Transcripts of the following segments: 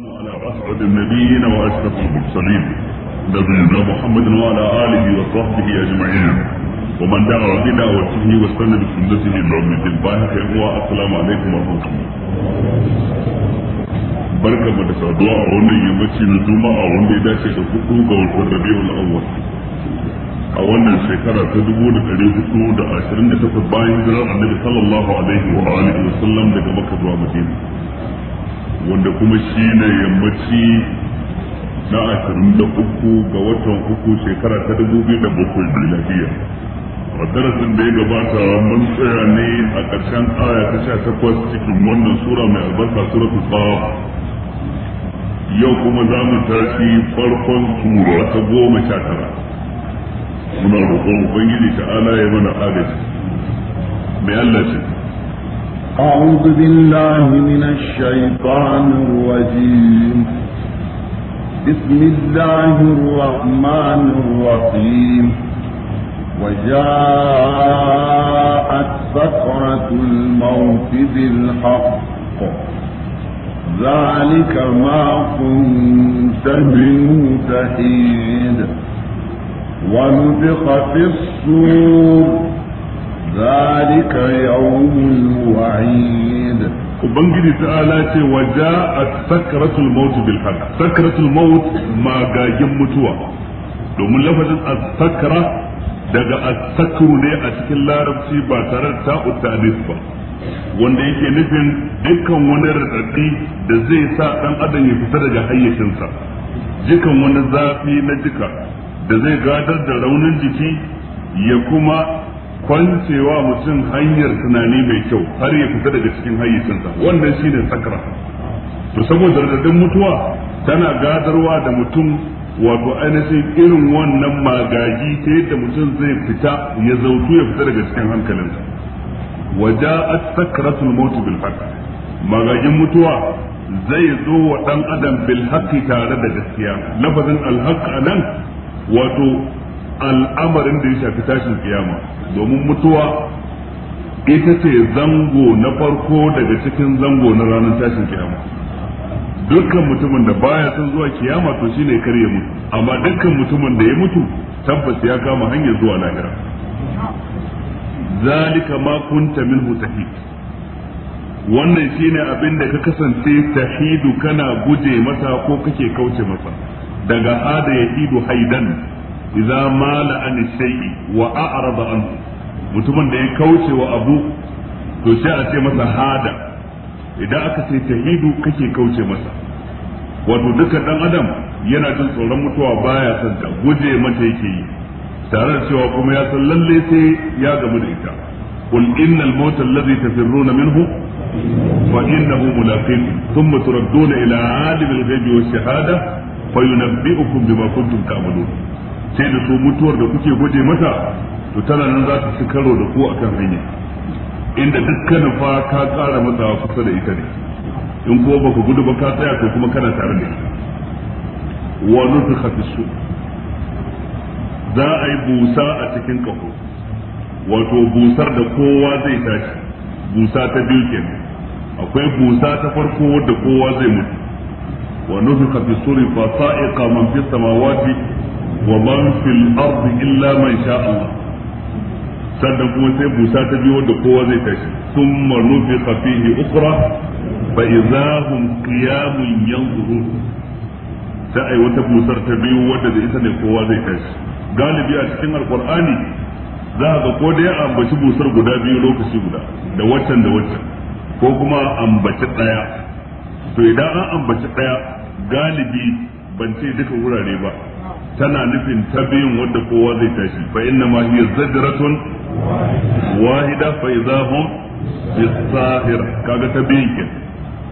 على أسعد النبيين وأشرف المرسلين نبينا محمد وعلى آله وصحبه أجمعين ومن دعا بدعوته واستنى بسنته إلى يوم الدين باهر السلام عليكم ورحمة الله barka mu da saduwa a wannan yammaci na juma'a wanda ya dace da hudu ga watan rabiul awwal a wannan shekara ta dubu da ɗari hudu da ashirin da takwas bayan annabi sallallahu alaihi wa sallam daga makka zuwa wanda kuma shi ne yammaci na ashirin da uku ga watan uku shekara ta dubu biyu da bakwai miladiya a darasin da ya gabata mun tsaya ne a ƙarshen aya ta sha takwas cikin wannan sura mai albarka suratul qaf yau kuma za mu tashi farkon sura ta goma sha tara muna roƙon ubangiji ta'ala ya mana agaji mai Allah ce أعوذ بالله من الشيطان الرجيم بسم الله الرحمن الرحيم وجاءت سكرة الموت بالحق ذلك ما كنت منه تحيد ونفخ في الصور ذلك يوم الوعيد ubangiji ta'ala ce wa ja'at sakratul maut bil haqq sakratul maut mutuwa domin lafazin as-sakra daga as ne a cikin larabci ba tare da ta'u ba wanda yake nufin dukkan wani raɗaɗi da zai sa ɗan adam ya fita daga hayyacinsa Jikan wani zafi na jika da zai gadar da raunin jiki ya kuma kwancewa mutum hanyar tunani mai kyau har ya fita daga cikin hayyacinsa wannan shine sakra to saboda radadin mutuwa tana gadarwa da mutum wato ainihin irin wannan magaji ta yadda mutum zai fita ya zautu ya fita daga cikin hankalinsa a sakratul maut bil magajin mutuwa zai zo wa dan adam bil haqqi tare da gaskiya lafazin al haqq nan wato al'amarin da ya shafi tashin kiyama domin mutuwa ita ce zango na farko daga cikin zango na ranar tashin kiyama dukkan mutumin da baya son zuwa kiyama to shine kar ya mutu amma dukkan mutumin da ya mutu tabbas ya kama hanyar zuwa lahira zalika ma kunta minhu tahid wannan shine abin da ka kasance tahidu kana guje masa ko kake kauce masa daga hada ya haidan idza mala an shay'i wa a'rada anhu mutumin da ya kauce wa abu to sai a ce masa hada idan aka ce tahidu kake kauce masa wato duka dan adam yana jin tsoron mutuwa baya son ta guje mata yake yi tare da cewa kuma ya san lalle sai ya gamu da ita qul innal mawta alladhi tafirruna minhu fa innahu mulaqin thumma turadduna ila alimil ghaibi wash shahada fayunabbi'ukum bima kuntum ta'malun sai da su mutuwar da kuke gwaje mata to tana nan za ta ci karo da ku akan hanya inda dukkanin fa ka tsara masa kusa da ita ne in ko baka gudu ba ka tsaya ko kuma kana tare da wa nutkha fi su za a yi busa a cikin kafo wato busar da kowa zai tashi busa ta biyu kenan akwai busa ta farko wadda kowa zai mutu wa nutkha fi suri fa sa'iqa man fi samawati wa man fil ardi illa man sha Allah sannan kuma sai busa ta biyo da kowa zai tashi thumma nufiqa fihi ukhra fa idahum qiyamun yanzuru sai ai wata busar ta biyu wadda da ita ne kowa zai tashi galibi a cikin alqur'ani za a ga ko dai a ambaci busar guda biyu lokaci guda da waccan da waccan ko kuma ambaci daya to idan an ambaci daya galibi ban ce duka wurare ba tana nufin ta biyun wadda kowa zai tashi fa inna ma hiya zajratun wahida fa hum bisahir kaga ta biyun ke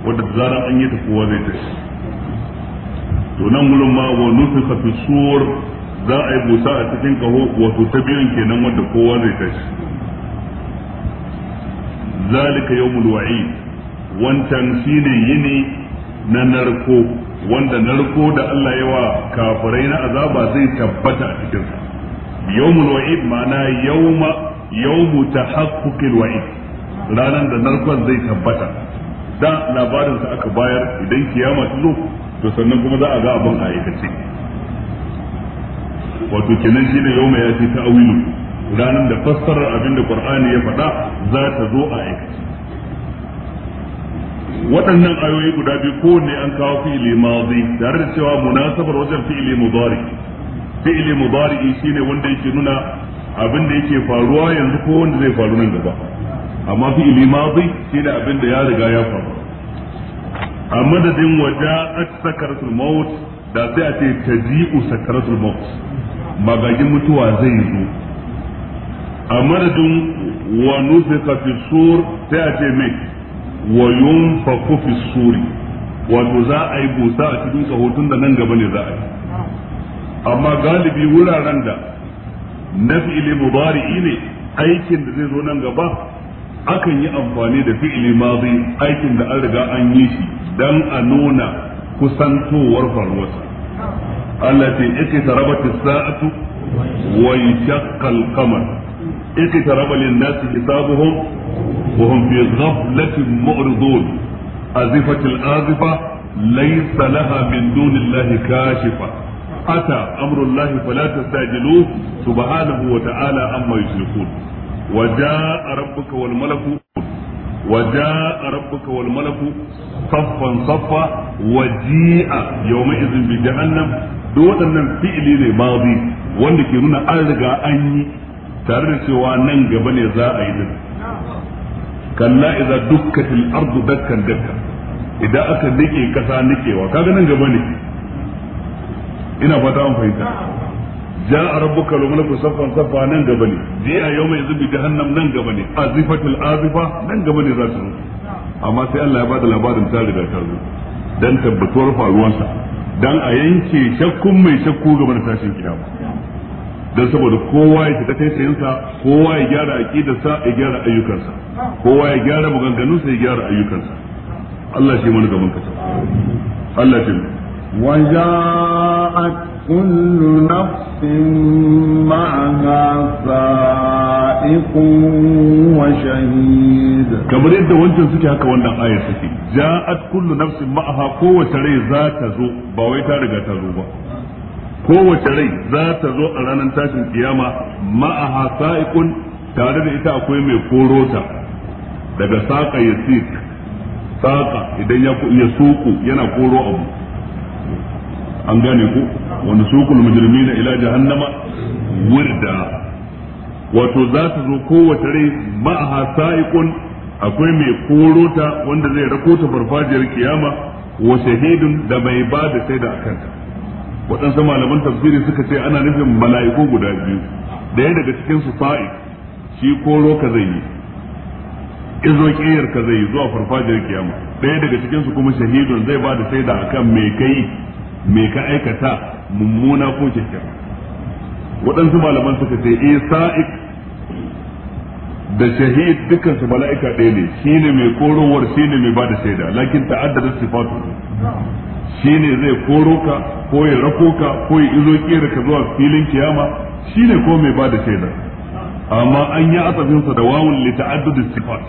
wadda zaran an yi ta kowa zai tashi to nan gulun ma wa nufika fi sur za a yi busa a cikin kaho wato ta biyun kenan wadda kowa zai tashi zalika yawmul wa'id wancan shine yini na narko wanda narko da Allah ya wa kafirai na azaba zai tabbata a cikin sa yawmul wa'id ma'ana yawma yawmu tahaqqiqil wa'id ranan da narkon zai tabbata da labarin sa aka bayar idan kiyama ta zo to sannan kuma za a ga abin a aikace wato kenan shi ne yawma ya ce ta'awilu ranan da fassarar abin da Qur'ani ya faɗa za ta zo a aikace waɗannan ayoyi guda biyu kowanne an kawo fi'ili madi tare da cewa munasabar wajen fi'ili mudari fi'ili mudari shine wanda yake nuna abin da yake faruwa yanzu ko wanda zai faru nan gaba amma fi'ili madi shine abin da ya riga ya faru a madadin a sakaratul maut da sai a ce taji'u sakaratul maut magagin mutuwa zai zo a madadin wa nuzika kafin sur sai a ce mai wa yunfaku fi suri wato za a yi busa a cikin sahotun da nan gaba ne za a yi amma galibi wuraren da na fi'ili mubari'i ne aikin da zai zo nan gaba akan yi amfani da fi'ili mazi aikin da an riga an yi shi don a nuna kusantowar faruwarsa Allah ce yake ta sa'atu wa yashaqqal qamar yake tarabal lin nasi hisabuhum وهم في غفلة معرضون أزفت الآزفة ليس لها من دون الله كاشفة أتى أمر الله فلا تستعجلوه سبحانه وتعالى عما يشركون وجاء ربك والملك وجاء ربك والملك صفا صفا وجيء يومئذ بجهنم duk waɗannan fi'ili ne mazi wanda ke nuna an riga an yi tare da cewa nan gaba ne za a yi din kalla idza dukkatil ardu dakkan dakkan idan aka nike kasa nikewa kaga nan gaba ne ina fata an fahimta ne ربك a yau mai zubi jahannam nan gaba ne, azifatul azifa nan gaba ne za su zo amma sai Allah ya bada labarin tare da ta zo dan tabbatuwar faruwansa dan a yanke shakkun mai shakku gaban tashin kiyama don saboda kowa ya shiga taitayinsa kowa ya gyara aqidarsa ya gyara ayyukansa kowa ya gyara maganganunsa ya gyara ayyukansa Allah shi mana gaban kasa Allah ce وجاءت كل نفس معها سائق وشهيد كما يدى وانتن سكي هكا وانا آية سكي جاءت كل نفس معها قوة ري ذات زو باويتا رجا تزو ba. kowace rai za ta zo a ranar tashin kiyama ma'aha sa'iqun tare da ita akwai mai korota daga saƙa ya saƙa idan ya suku yana koro abu an gane ku wani sukul na ila jahannama wurda wato za ta zo kowace rai ma'aha sa'iqun akwai mai korota wanda zai rakota farfajiyar kiyama wa shahidun da mai ba da shaida a kanta waɗansu malaman tafsiri suka ce ana nufin mala'iku guda biyu ɗaya daga cikin su fa'i shi koro ka zai yi izo kiyar ka zai yi zuwa farfajiyar kiyama ɗaya daga cikin su kuma shahidun zai ba da shaida akan me kai me ka aikata mummuna ko kyakkyawa waɗansu malaman suka ce eh sa'i da shahid dukkan su mala'ika ɗaya ne shine mai korowar shine mai ba da shaida lakin ta'addada sifatu Shi ne zai koro ka ko ya rako ka ko ya izo kera ka zuwa filin kiyama shine ko mai bada shaida amma an yi asabinsa da wawun li ta'addud sifat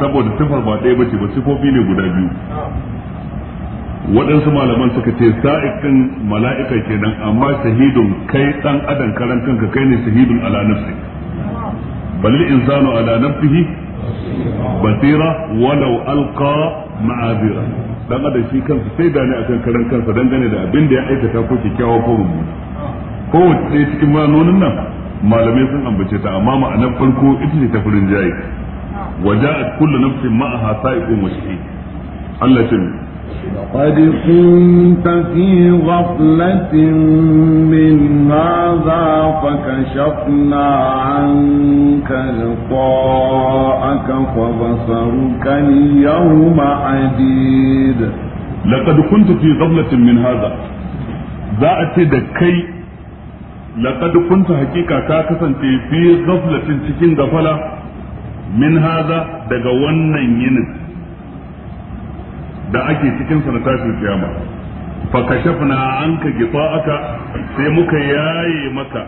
saboda sifar ba ɗaya bace ba sifofi ne guda biyu waɗansu malaman suka ce sa'iqin mala'ika kenan amma shahidun kai dan adam karan kanka kai ne shahidun ala nafsi balil insanu ala nafsihi basira walau alqa ma'abira dan adam shi kansa sai da ne akan karan kansa dangane da abin da ya aikata ko kyakkyawa ko mummuna ko wace cikin manonin nan malamai sun ambace ta amma ma'anar farko ita ce ta furin jayi waja'at kullu nafsin ma'aha sa'iqun wa shahid Allah لقد كنت في غفلة من هذا فكشفنا عنك لقاءك فبصرك اليوم حديد لقد كنت في غفلة من هذا ذات دكي لقد كنت حقيقة كاكسا في غفلة تكين غفلة من هذا دقوانا ينس da ake cikin sa na tashin kiyama fa kashafna anka gita'aka sai muka yaye maka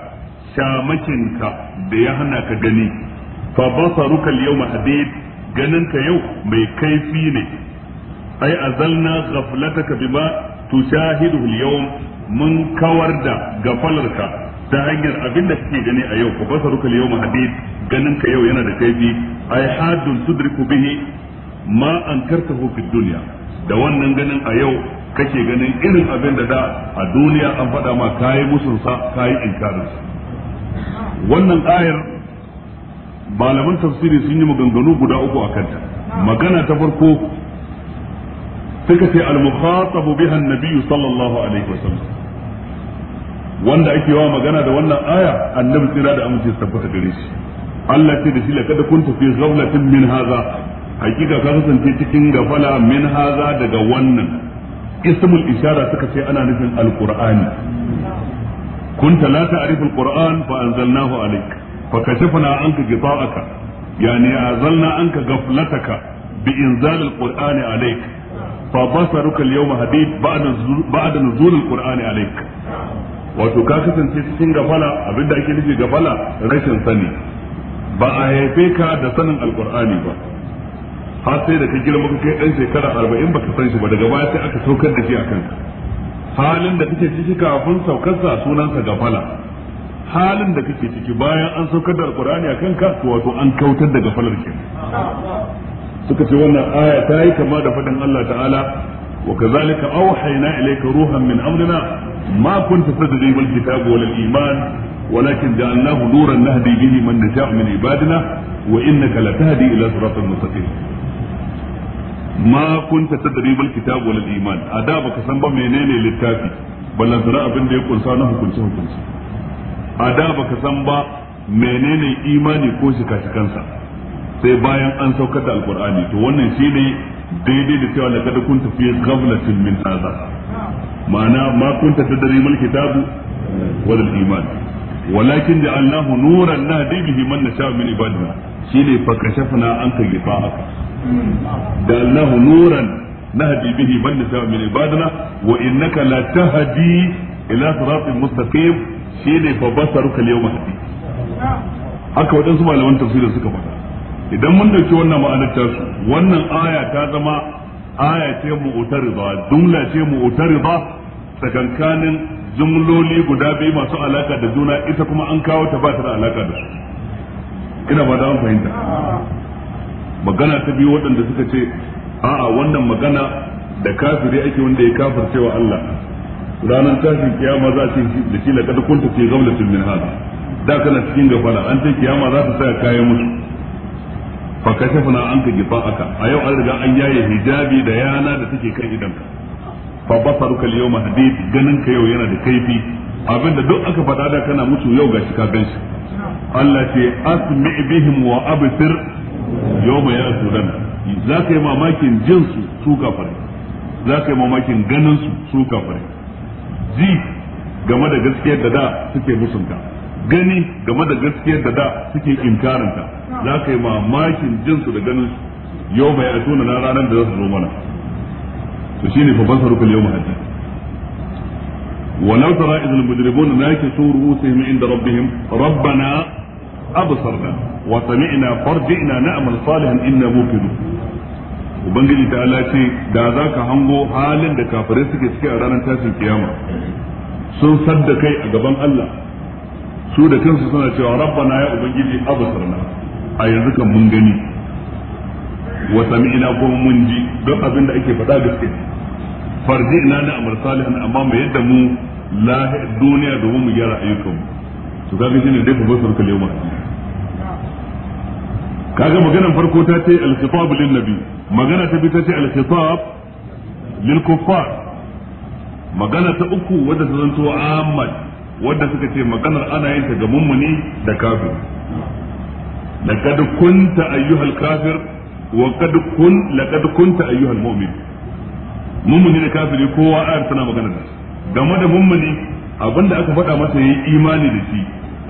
shamakinka da ya hana ka gani fa basaruka al-yawma hadid ganinka yau mai kaifi ne ai azalna ghaflataka bima tushahidu al-yawm mun kawar da gafalarka ta hanyar abin da kake gani a yau basaruka al-yawma hadid ganinka yau yana da kaifi ai hadun tudriku bihi ma ankartahu fi duniya. da wannan ganin a yau kake ganin irin abin da da a duniya an faɗa ma kayi musunsa kayi inkarinsa wannan ayar malaman tafsiri sun yi maganganu guda uku a kanta magana ta farko suka ce al-mukhatabu biha an-nabiy sallallahu alaihi wasallam wanda ake wa magana da wannan aya annabi tsira da amince tabbata gare shi Allah ce da shi kada kuntu fi ghaflatin min hadha hakika ka kasance cikin gafala min haza daga wannan ismul ishara suka ce ana nufin alqur'ani kunta la ta'rifu alqur'an fa anzalnahu alayk fa kashafna anka ghita'aka yani azalna anka ghaflataka bi inzal alqur'ani alayk fa basaruka alyawma hadid ba'da ba'da nuzul alqur'ani alayk wato ka kasance cikin gafala abinda ake nufi gafala rashin sani ba a haife ka da sanin alqur'ani ba har sai da ka girma kai dan shekara arba'in baka san shi ba daga baya sai aka saukar da shi a kanka halin da kake ciki kafin saukarsa sunansa gafala halin da kake ciki bayan an saukar da alkur'ani a kanka wato an kautar da gafalar ke suka ce wannan aya ta yi kama da faɗin Allah ta'ala wa kazalika awhayna ilayka ruhan min amrina ma kunta tadri bil kitabi wal iman ولكن جعلناه نورا نهدي به من نشاء من عبادنا وانك لتهدي الى صراط مستقيم ma ta tadri bil kitab wal iman a da baka san ba menene littafi ballan sana abin da ya kunsa na hukunci hukunci a da baka san ba menene imani ko shi kansa sai bayan an saukar da alqur'ani to wannan shine daidai da cewa laqad kun fi ghaflatin min hadha ma'ana ma ta tadri bil kitab wal iman walakin ja'alnahu nuran nahdi bihi man nasha min ibadina shine fa kashafna anka ghita'aka ja'alnahu nuran nahdi bihi man nasha min ibadina wa innaka la tahdi ila siratin mustaqim shine fa haka wadansu malaman tafsirin suka faɗa idan mun dauki wannan ma'anar tasu wannan aya ta zama aya ce ba, dumla ce mu'tarida tsakankanin jumloli guda biyu masu alaka da juna ita kuma an kawo ta ba ta da alaka da su ina ba da an fahimta magana ta biyu waɗanda suka ce a'a wannan magana da kafiri ake wanda ya cewa Allah ranar tashin kiyama za ce da shi laqad kunta fi ghaflatin min hada da kana cikin gafala an ce kiyama za ta saya kayan musu fa kashafna anka aka a yau an riga an yaye hijabi da yana da take kan idanka fa basaruka al-yawma hadid ganin ka yau yana da kaifi abinda duk aka fada da kana mutu yau gashi ka ganshi. Allah ce asmi bihim wa absir yawma ya'tudan zaka yi mamakin jin su su kafare zaka yi mamakin ganin su su kafare ji game da gaskiyar da da suke musunta gani game da gaskiyar da da suke inkarinta zaka yi mamakin jin su da ganin su yawma ya'tudan ranar da za su zo mana to shine fa basaru kal yawma hadid ولو ترى إذ المجرمون ناكسوا رؤوسهم عند ربهم ربنا أبصرنا وسمعنا فارجعنا نعمل صالحا إنا موقنون ubangiji ta ala ce da za ka hango halin da kafirai suke ciki a ranar tashin kiyama sun sadda kai a gaban Allah su da kansu suna cewa Rabba na ya ubangiji abusarna a yanzu kan mun gani wa sami'na kuma mun ji don abin da ake faɗa gaske farji ina na amar salihan amma mai yadda mu lahi duniya domin mu gyara ayyukan mu to kaga shine dai kuma sarka lewa kaga maganar farko ta ce al-khitab lin nabi magana ta bi ta ce al-khitab lil kuffar magana ta uku wadda ta zanto Ahmad wadda suka ce maganar ana yin ta ga mummuni da kafir laqad kunta ayyuhal kafir wa qad kun laqad kunta ayyuhal mu'min mummuni da kafiri kowa ayar tana magana da game da mummuni abinda aka faɗa masa yayi imani da shi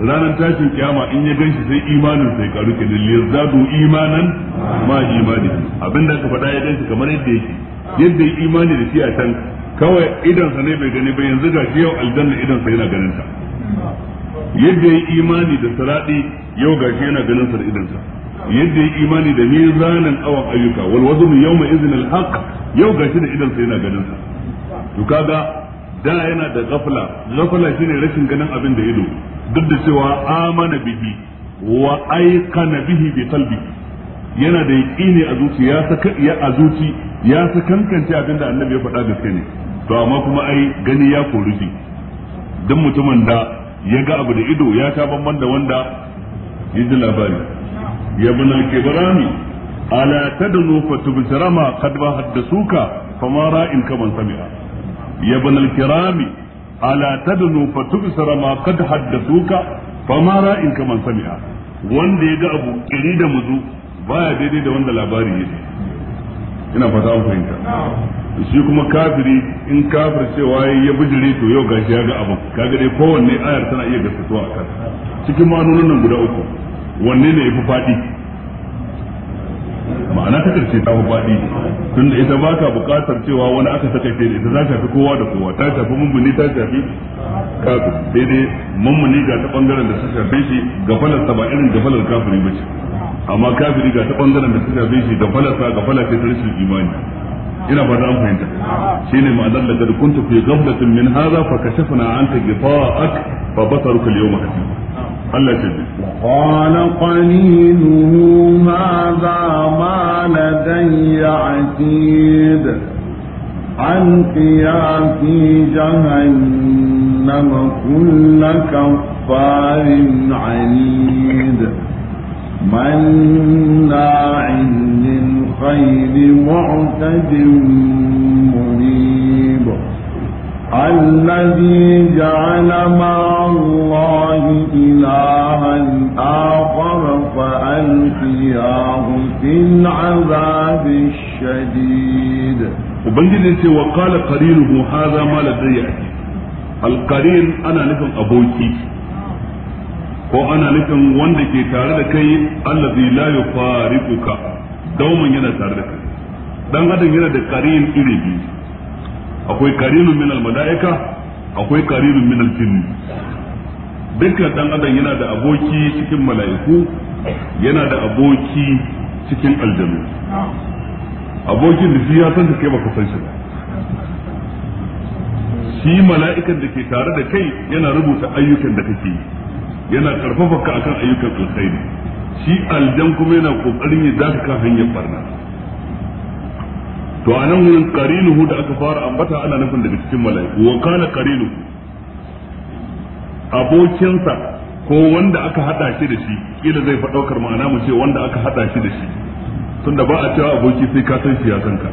ranar tashin kiyama in ya ganshi sai imanin sai karu ke lizzadu imanan ma imani abinda aka faɗa ya ganshi kamar yadda yake yadda ya imani da shi a can kawai idan sa ne bai gani ba yanzu ga shi yau aljanna idan sa yana ganin ta yadda ya imani da saradi yau ga shi yana ganin sa da idan sa yadda ya imani da mizanin awan ayyuka wal wazn yawma mai izinin haqq yau gashi da idan sa yana ganin sa to kaga da yana da gafla ghafla shine rashin ganin abin da ido duk da cewa amana bihi wa na bihi bi talbi yana da yaqini a zuci ya saka ya a zuci ya sakankance abin da annabi ya faɗa gaske ne to amma kuma ai gani ya kori shi duk mutumin da ya ga abu da ido ya ta bamban da wanda yaji labari ya bin al-kibrami ala tadnu fatubsira ma qad haddathuka fama ra'in kaman sami'a kaman sami'a wanda ya ga abu kiri da baya daidai da wanda labari ya ina fata an fahimta shi kuma kafiri in kafir cewa ya bijire to yau gashi ya ga abin kaga dai kowanne ayar tana iya gaskatuwa a kan cikin ma'anonin nan guda uku wanne ne ya fi faɗi ma'ana ta karshe ta fi faɗi tunda ita ba ka buƙatar cewa wani aka saka da ita za ta fi kowa da kowa ta shafi mummuni ta shafi kafir sai dai mummuni ga ta ɓangaren da ta shafe shi gafalar sa ba irin ga falar kafiri ba ce amma kafiri ga ta ɓangaren da ta shafe shi gafalar sa gafalar ce ta rashin imani ina ba an fahimta shine ma'anar da kad kuntu fi ghaflatin min hadha fa kashafna anka ghita'ak fa basaruka al-yawma hasib وقال قليله ماذا ما لدي عتيد القيا في جهنم كل كفار عنيد مناع للخير معتد مريد الذي جعل مع الله إلها آخر فألقياه في العذاب الشديد وبنجد وقال قرينه هذا ما لدي القرين أنا نفهم أبوكي ko ana nufin wanda ke tare da kai allazi la yufariquka dauman yana tare da kai dan adam yana da qarin iri biyu akwai karinun min almalaika akwai karinun min aljin dukkan dan adam yana da aboki cikin mala'iku yana da aboki cikin aljanu abokin da shi ya san kai baka san shi ba shi mala'ikan da ke tare da kai yana rubuta ayyukan da kake yi yana karfafa ka akan ayyukan alkhairi shi aljan kuma yana kokarin ya zaka kan hanyar barna to a nan wurin karinuhu da aka fara ambata ana nufin daga cikin mala'iku wa kana karinuhu abokinsa ko wanda aka hada shi da shi kila zai faɗaukar ma'ana mu ce wanda aka hada shi da shi tunda ba a cewa aboki sai ka san shi ya ka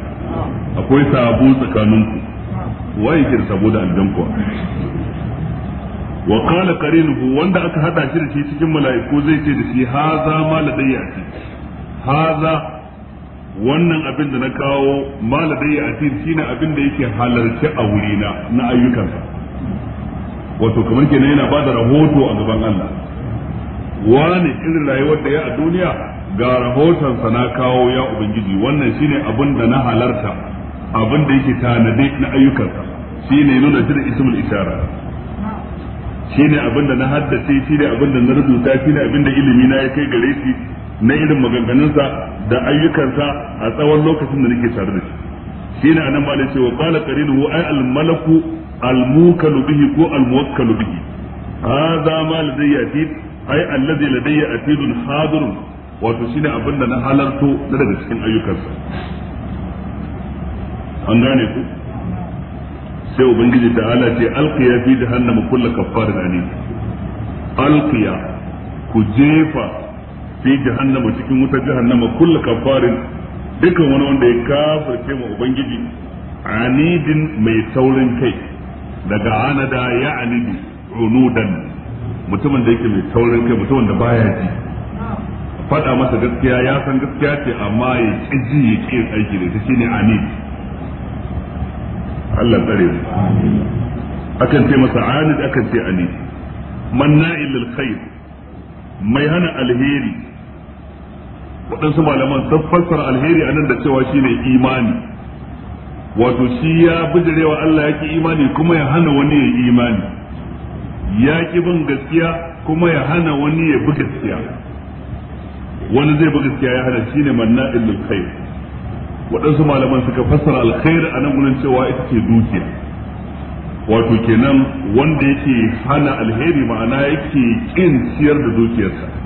akwai sabo tsakaninku waye ke sabo da aljan kuwa wa kana karinuhu wanda aka hada shi da shi cikin mala'iku zai ce da shi haza maladayya ce haza wannan abin da na kawo maladai a cikin shine abin da yake halarci a wuri na na ayyukansa wato kamar kenan yana bada rahoto a gaban Allah wani irin rayuwar da ya a duniya ga rahotonsa na kawo ya ubangiji wannan shine abin da na halarta abin da yake tanade na ayyukansa shine nuna shi da ismul isharar shine abin da na haddace shine abin da na rubuta shine abin da ilimi na ya kai gare shi na irin maganganunsa da ayyukansa a tsawon lokacin da nake tare da shi ne anan malai cewa qala qarinuhu ay al malaku al mukalu bihi ko al muwakkalu bihi hadha ma ladayya atid ay alladhi ladayya atidun hadirun wato shine abin da na halarto na daga cikin ayyukansa an gane ku sai ubangiji ta ala ce alqiya fi jahannama kullu kaffarin anim alqiya ku jefa fi jahannama cikin wutar jahannama kullu kafarin dukan wani wanda ya kafirce ma ubangiji anidin mai saurin kai daga anada ya anidi unudan mutumin da yake mai saurin kai mutumin da baya ji faɗa masa gaskiya ya san gaskiya ce amma ya ƙi ji ya ƙi aiki da ita shine anid Allah tsare mu akan ce masa anid akan ce anid manna ilal khair mai hana alheri waɗansu malaman sun fassara alheri a nan da cewa shine imani wato shi ya bijirewa Allah ya ki imani kuma ya hana wani ya imani ya ki bin gaskiya kuma ya hana wani ya bi gaskiya wani zai bi gaskiya ya hana shine manna illul khair waɗansu malaman suka fassara alkhair a nan gudun cewa ita ce dukiya wato kenan wanda yake hana alheri ma'ana yake ƙin ciyar da dukiyarsa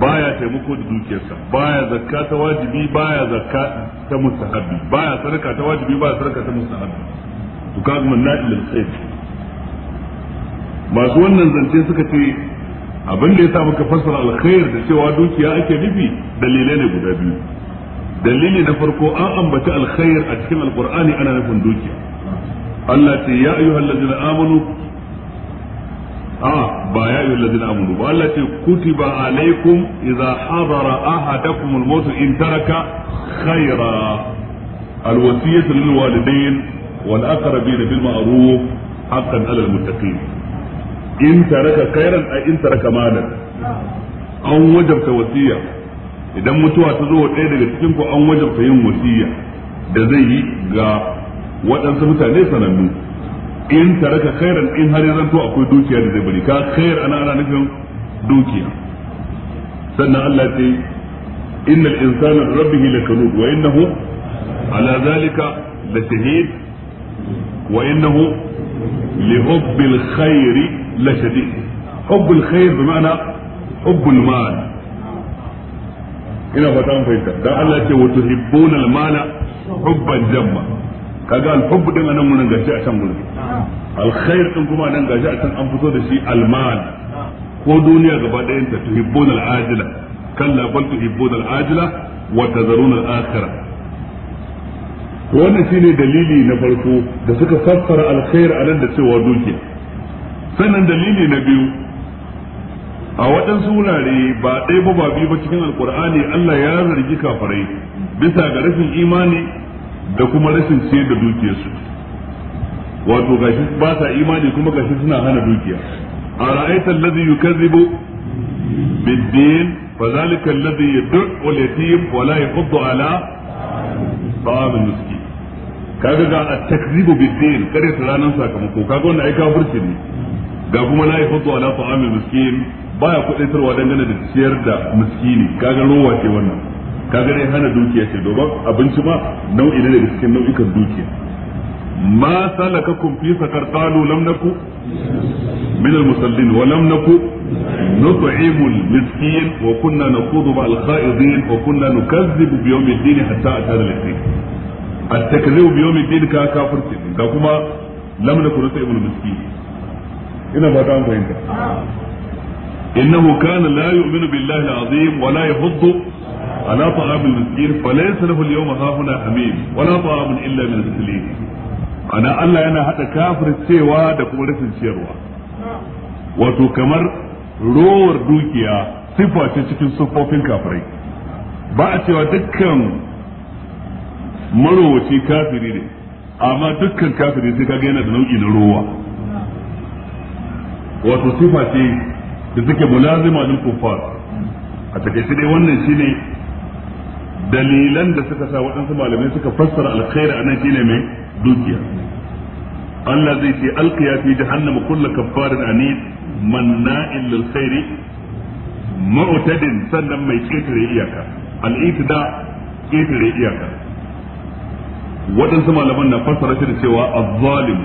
baya taimako da dukiyarsa baya zakka ta wajibi baya zakka ta mustahabi baya sarka ta wajibi baya sarka ta mustahabi to kaga mun nadi lil khair masu wannan zance suka ce abin da yasa muka fassara alkhair da cewa dukiya ake nufi dalilai ne guda biyu dalili na farko an ambaci alkhair a cikin alqur'ani ana nufin dukiya Allah ce ya ayyuhallazina amanu a ba ya yi lazina amuru ba Allah ce kutiba alaikum idza hadara ahadakum al-maut in taraka khaira al-wasiyatu lil walidayn wal aqrabin bil ma'ruf haqqan 'ala al-muttaqin in taraka khairan ay in taraka malan an wajabta wasiya idan mutuwa ta zo ɗaya daga cikin ku an wajabta yin wasiya da zai yi ga waɗansu mutane sanannu in taraka khairan in har yanzu to akwai dukiya da zai bari ka khair ana ana nufin dukiya sannan Allah ya ce innal insana rabbihi lakanud wa innahu ala zalika lashahid wa innahu li hubbil khair lashadid hubbul khair bi ma'ana hubbul mal ina fata an fahimta dan Allah ya ce wa tuhibbuna al mala hubban jamma kaga alhubbu din anan mun gashi a can gurin alkhair din kuma nan gashi a can an fito da shi almal ko duniya gaba ɗayan ta tuhibbun al'ajila kalla bal tuhibbun al'ajila wa tazarun al'akhirah wannan shine dalili na farko da suka fassara alkhair anan da cewa dukiya sannan dalili na biyu a waɗansu wurare ba ɗaya ba ba biyu ba cikin alkur'ani Allah ya zargi kafarai bisa ga rashin imani da kuma rashin ciyar da dukiyarsu wato gashi ba sa imani kuma gashi suna hana dukiya a ra'aita allazi yukazzibu bid-din fa zalika allazi yad'u al-yatim wa la yaquddu ala ta'am al-miskin kaga ga a takzibu bid-din kare ranar sakamako kaga wannan ai kafirci ne ga kuma la yaquddu ala ta'am al-miskin baya kudaitarwa dangane da ciyar da miskini kaga rowa ce wannan Ka dai hana dukiya ce domin abinci ma nau'i ne daga cikin nau'ikan dukiya ma salakakum fi sakar qalu lam naku min al-musallin wa lam naku nut'imu al-miskin wa kunna naqudu ma al-kha'idin wa kunna nukazzibu bi yawm ad-din hatta atana al-din at-takzibu bi yawm ad-din ka kafirti ka kuma lam naku nut'imu al-miskin ina ba ta fahimta innahu kana la yu'minu billahi al-azim wa la yahuddu على طعام المسكين فليس له اليوم ها هنا حميم ولا طعام الا من غسلين ana Allah yana haɗa kafir cewa da kuma rashin ciyarwa wato kamar rowar dukiya sifa ce cikin siffofin kafirai ba a cewa dukkan marowaci kafiri ne amma dukkan kafiri sai kaga yana da nau'i na rowa wato sifa ce da suke mulazima lil kuffar a take dai wannan shine dalilan da suka sa waɗansu malamai suka fassara alkhairi anan shine mai dukiya Allah zai ce alqiya fi jahannama kullu kaffarin anid manna'il lil khairi mu'tadin sannan mai ketare iyaka al-itida ketare iyaka waɗansu malaman na fassara shi da cewa az-zalim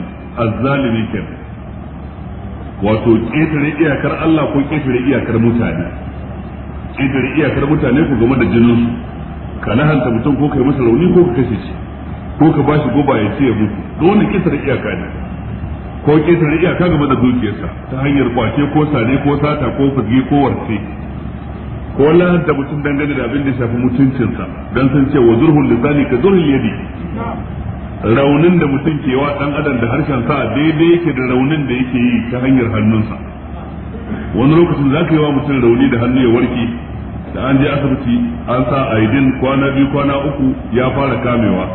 az-zalimi kenan wato ketare iyakar Allah ko ketare iyakar mutane ketare iyakar mutane ku game da jininsu ka lahanta mutum ko kai masa rauni ko ka kashe shi ko ka bashi goba ya ce ya mutu doni kisar iyaka ne ko ƙetare iyaka game da dukiyarsa ta hanyar kwace ko sare ko sata ko fuzgi ko warce ko lahanta mutum dangane da abin da shafi mutuncinsa don san cewa zurhun lisani ka zurhun yadi raunin da mutum ke wa dan adam da harshen sa daidai yake da raunin da yake yi ta hanyar hannunsa wani lokacin za ka yi wa mutum rauni da hannu ya warke da an je asibiti an sa aidin kwana biyu kwana uku ya fara kamewa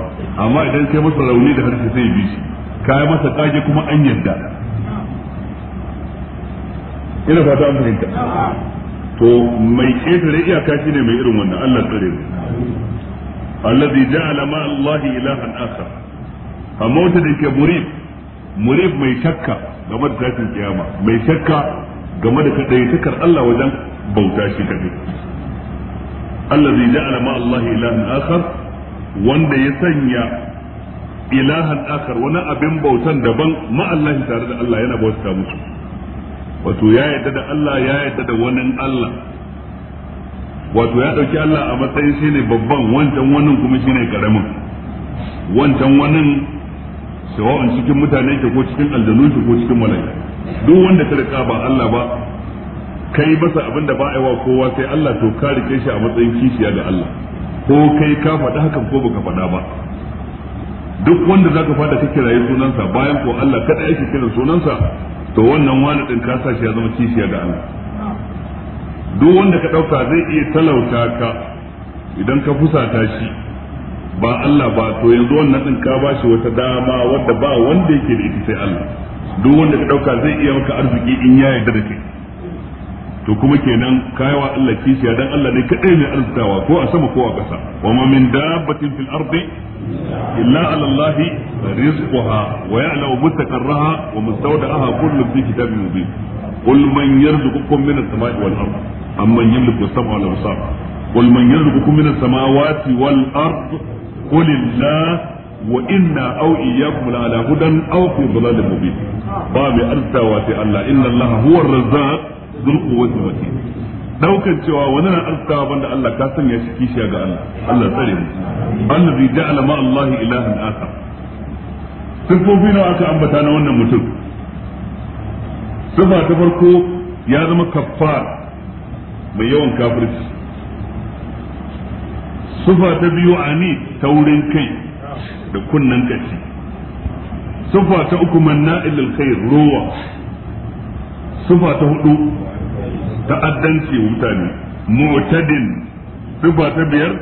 amma idan kai masa rauni da harshe sai bi shi kai masa kage kuma an yadda ina fata an fahimta to mai ƙetare iyaka shine mai irin wannan Allah tsare mu alladhi ja'ala ma Allah ilahan akhar amma wata da ke murib murib mai shakka game da tashin kiyama mai shakka game da kadaitakar Allah wajen bauta shi kadai allazi ja'ala ma Allah ilahan akhar wanda ya sanya ilahan akhar wani abin bautan daban ma Allah tare da Allah yana bauta musu wato ya yadda da Allah ya yadda da wani Allah wato ya dauki Allah a matsayin shine babban wancan wannan kuma shine karamin wancan wannan sawa'un cikin mutane ke ko cikin aljanu ke ko cikin mala'ika duk wanda ka rika ba Allah ba kai masa abin da ba a yi wa kowa sai Allah to ka rike shi a matsayin kishiya da Allah ko kai ka faɗi hakan ko baka faɗa ba duk wanda zaka fada ka kiraye sunansa bayan ko Allah kada yake kiran sunansa to wannan wani din ka sa shi ya zama kishiya da Allah duk wanda ka dauka zai iya talauta ka idan ka fusata shi ba Allah ba to yanzu wannan din ka ba shi wata dama wadda ba wanda yake da ita sai Allah duk wanda ka dauka zai iya maka arziki in ya yarda da kai to kuma kenan kayawa Allah kishiya dan Allah ne kadai mai arzikawa ko a sama ko a ƙasa wa ma min dabbatin fil ardi illa ala Allah rizquha wa ya'lamu mustaqarraha wa mustawda'aha kullun fi kitabin mubin قل من يرزقكم من السماء والأرض أمن يملك السمع والأبصار قل من يرزقكم من السماوات والأرض قل الله وإنا أو إياكم لعلى هدى أو في ضلال مبين باب أرزاوات الله إن الله هو الرزاق zulquwwatul matin daukan cewa wani na arzikawa banda Allah ka sanya shi kishiya ga Allah Allah tsare mu allazi ja'ala ma Allah ilahan akhar sifofi nawa aka ambata na wannan mutum sifa ta farko ya zama kaffar mai yawan kafirci sufa ta biyu ani taurin kai da kunnan kashi sufa ta uku manna ilil khair ruwa sufa ta hudu ta'addanci wa mutane mu'tadin duba ta biyar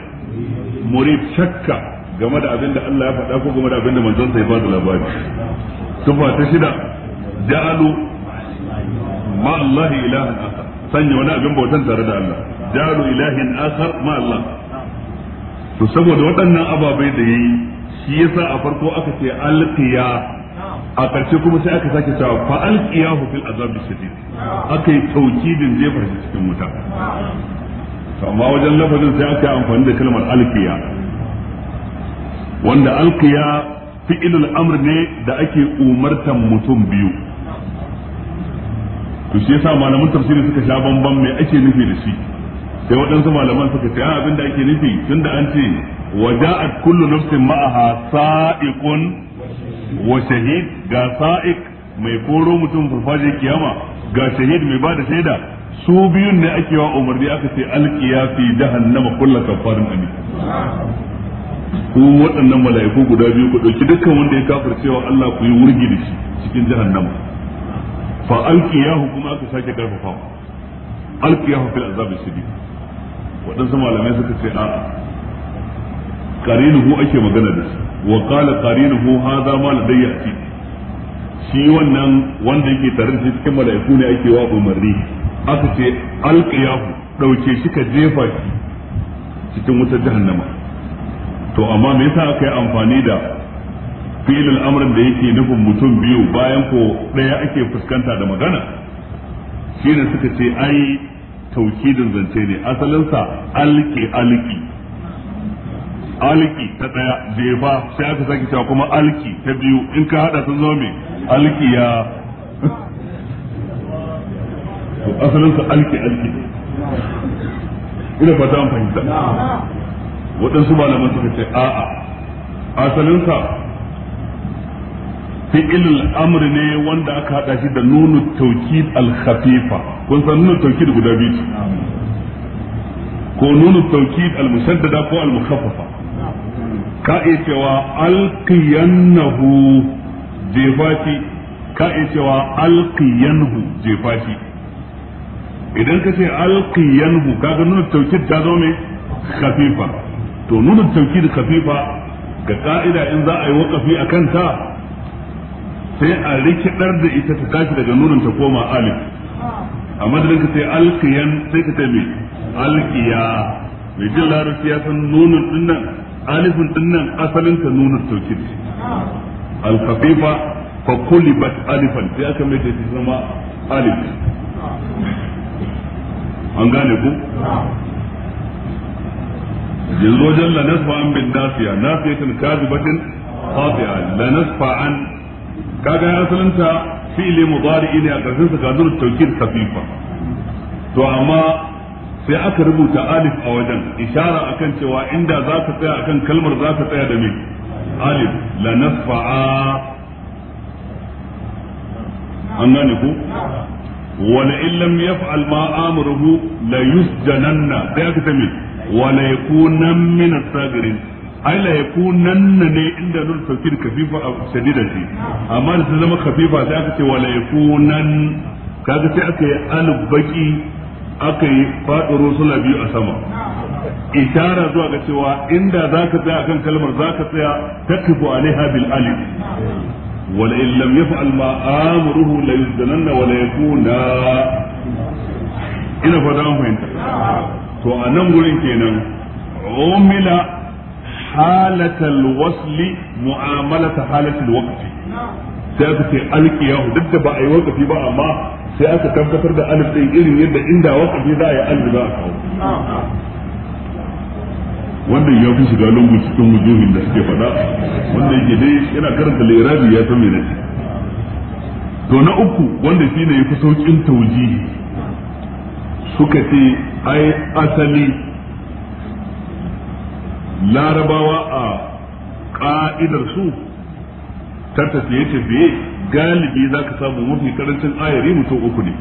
murid shakka game da abin da Allah ya faɗa ko game da abin da manzon sai ba da labari Tufa ta shida ja'alu ma Allah ilahan akhar sanya wani abin bautan tare da Allah ja'alu ilahin akhar ma Allah to saboda waɗannan ababai da yayi shi yasa a farko aka ce alqiya a ƙarshe kuma sai aka sake cewa fa alqiyahu fil azab shadid aka yi taukidin jefa shi cikin wuta to amma wajen lafazin sai aka yi amfani da kalmar alqiya wanda alqiya fi'ilul amr ne da ake umartan mutum biyu to shi yasa malaman tafsiri suka sha bamban me ake nufi da shi sai waɗansu malaman suka ce ah, abin da ake nufi tunda an ce waja'at kullu nafsin ma'aha sa'iqun wa shahid ga sa'iq mai koro mutum farfaje kiyama ga shahid mai bada shaida su biyun ne ake wa umarni aka ce alqiya fi jahannama kullu kafarin ami ku waɗannan mala'iku guda biyu ku ɗauki dukkan wanda ya kafir cewa Allah ku yi wurgi da shi cikin jahannama fa alkiyahu kuma aka sake karfafa alkiyahu fil azab shadid waɗansu malamai suka ce a'a karinuhu ake magana da shi wa qala qarinuhu hadha ma ladayya shi wannan wanda yake tare da cikin mala'iku ne ake wa umarni aka ce alqiyahu dauke shi ka jefa shi cikin wutar jahannama to amma me yasa aka yi amfani da filin amrin da yake nufin mutum biyu bayan ko daya ake fuskanta da magana shi ne suka ce ai taukidin zance ne asalinsa alki alki alki ta daya jefa sai aka sake cewa kuma alki ta biyu in ka hada sun zama mai alki ya to asalin su alki alki ina fata an fahimta waɗansu ba malaman suka ce a'a asalin sa fi'il amr ne wanda aka hada shi da nunu tawkid al-khafifa kun san nunu tawkid guda biyu ko nunu tawkid al-musaddada ko al-mukhaffafa ka iya cewa alqiyannahu jefati ka iya cewa alqiyanhu jefati idan ka ce alqiyanhu kaga nuna taukid ta zo ne khafifa to nuna taukid khafifa ga ka'ida in za a yi wakafi a kanta sai a rikidar da ita ta tashi daga nunin ta koma alif amma da ka ce alqiyan sai ka ce me alqiya mai jin larabci ya san nunin din nan alifin dinnan asalin ta nuna tawkid al-khafifa fa bat alifan sai aka mai da zama alif an gane ku yanzu wajen la nasfa an bin nafiya kaji kazibatin khati'a la nasfa an kaga asalin ta fi'li mubari ne a karshen sa ga nunun tawkid kafifa. to amma sai aka rubuta alif a wajen ishara akan cewa inda za ka tsaya akan kalmar za ka tsaya da me alif la nafa'a an gane ku wala in lam yaf'al ma amruhu la yusjananna sai aka ce me wala yakunan min as-sagirin ai la yakunanna ne inda nur tafsir kafifa shadidan shi amma da zama kafifa sai aka ce wala yakunan kaga sai aka yi alif baki aka yi faɗin suna biyu a sama ishara zuwa ga cewa inda za ka tsaya akan kalmar za ka tsaya takifu alaiha bil alif wala in lam yaf'al ma amruhu la yuzdananna wala yakuna ina fa an fahimta to a nan gurin kenan umila halatal wasli mu'amalata halatal waqti sai aka ce alqiyahu duk da ba a yi waqti ba amma sai aka tabbatar da alif din irin yadda inda wakafi za a yi alif za a kawo wannan ya fi shiga lungu cikin wujuhin da suke faɗa wanda yake dai yana karanta lirabi ya san menene to na uku wanda shine yafi saukin taujihi suka ce ai asali larabawa a ƙa'idarsu su ta tafiye tafiye galibi za ka samu mafi karancin ayari mutum uku ne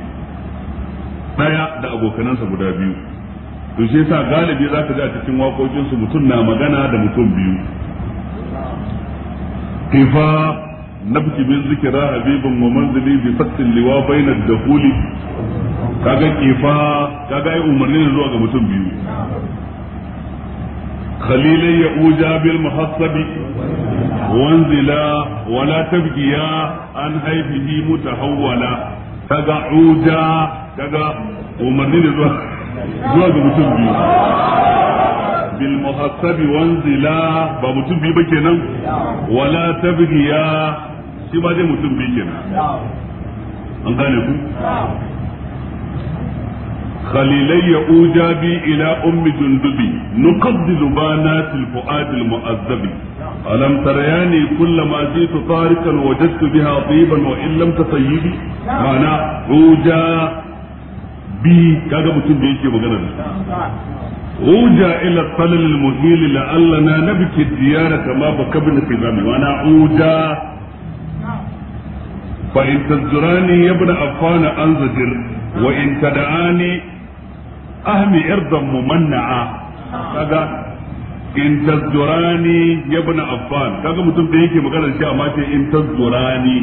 ɗaya da abokanansa guda biyu to shi yasa galibi za ka ji a cikin waƙoƙinsu mutum na magana da mutum biyu kifa nafki min zikira habibin wa manzili bi sattin liwa bainar da huli kaga kifa kaga yi umarni zuwa ga mutum biyu خليلا يؤجى بالمحصب وانزلا ولا تبقيا عن هيفه متحولا كذا عوجا كذا ومرني zuwa ga mutum biyu bil muhassabi wanzila ba mutum biyu ba kenan wala shi ba mutum biyu kenan an ku خليلي أوجابي إلى أم جندبي نقض لبانات الفؤاد المؤذب ألم ترياني كلما جئت طارقا وجدت بها طيبا وإن لم تطيبي معنى أوجا بي كذا mutum da yake magana da shi uja ila talal muhil la allana nabki diyara kama bakabna fi zami wa na uja fa in afana anzajir wa in tad'ani ahmi irdan mumanna'a kaga in tazdurani ya ibn affan kaga mutum da yake magana shi amma ce in tazdurani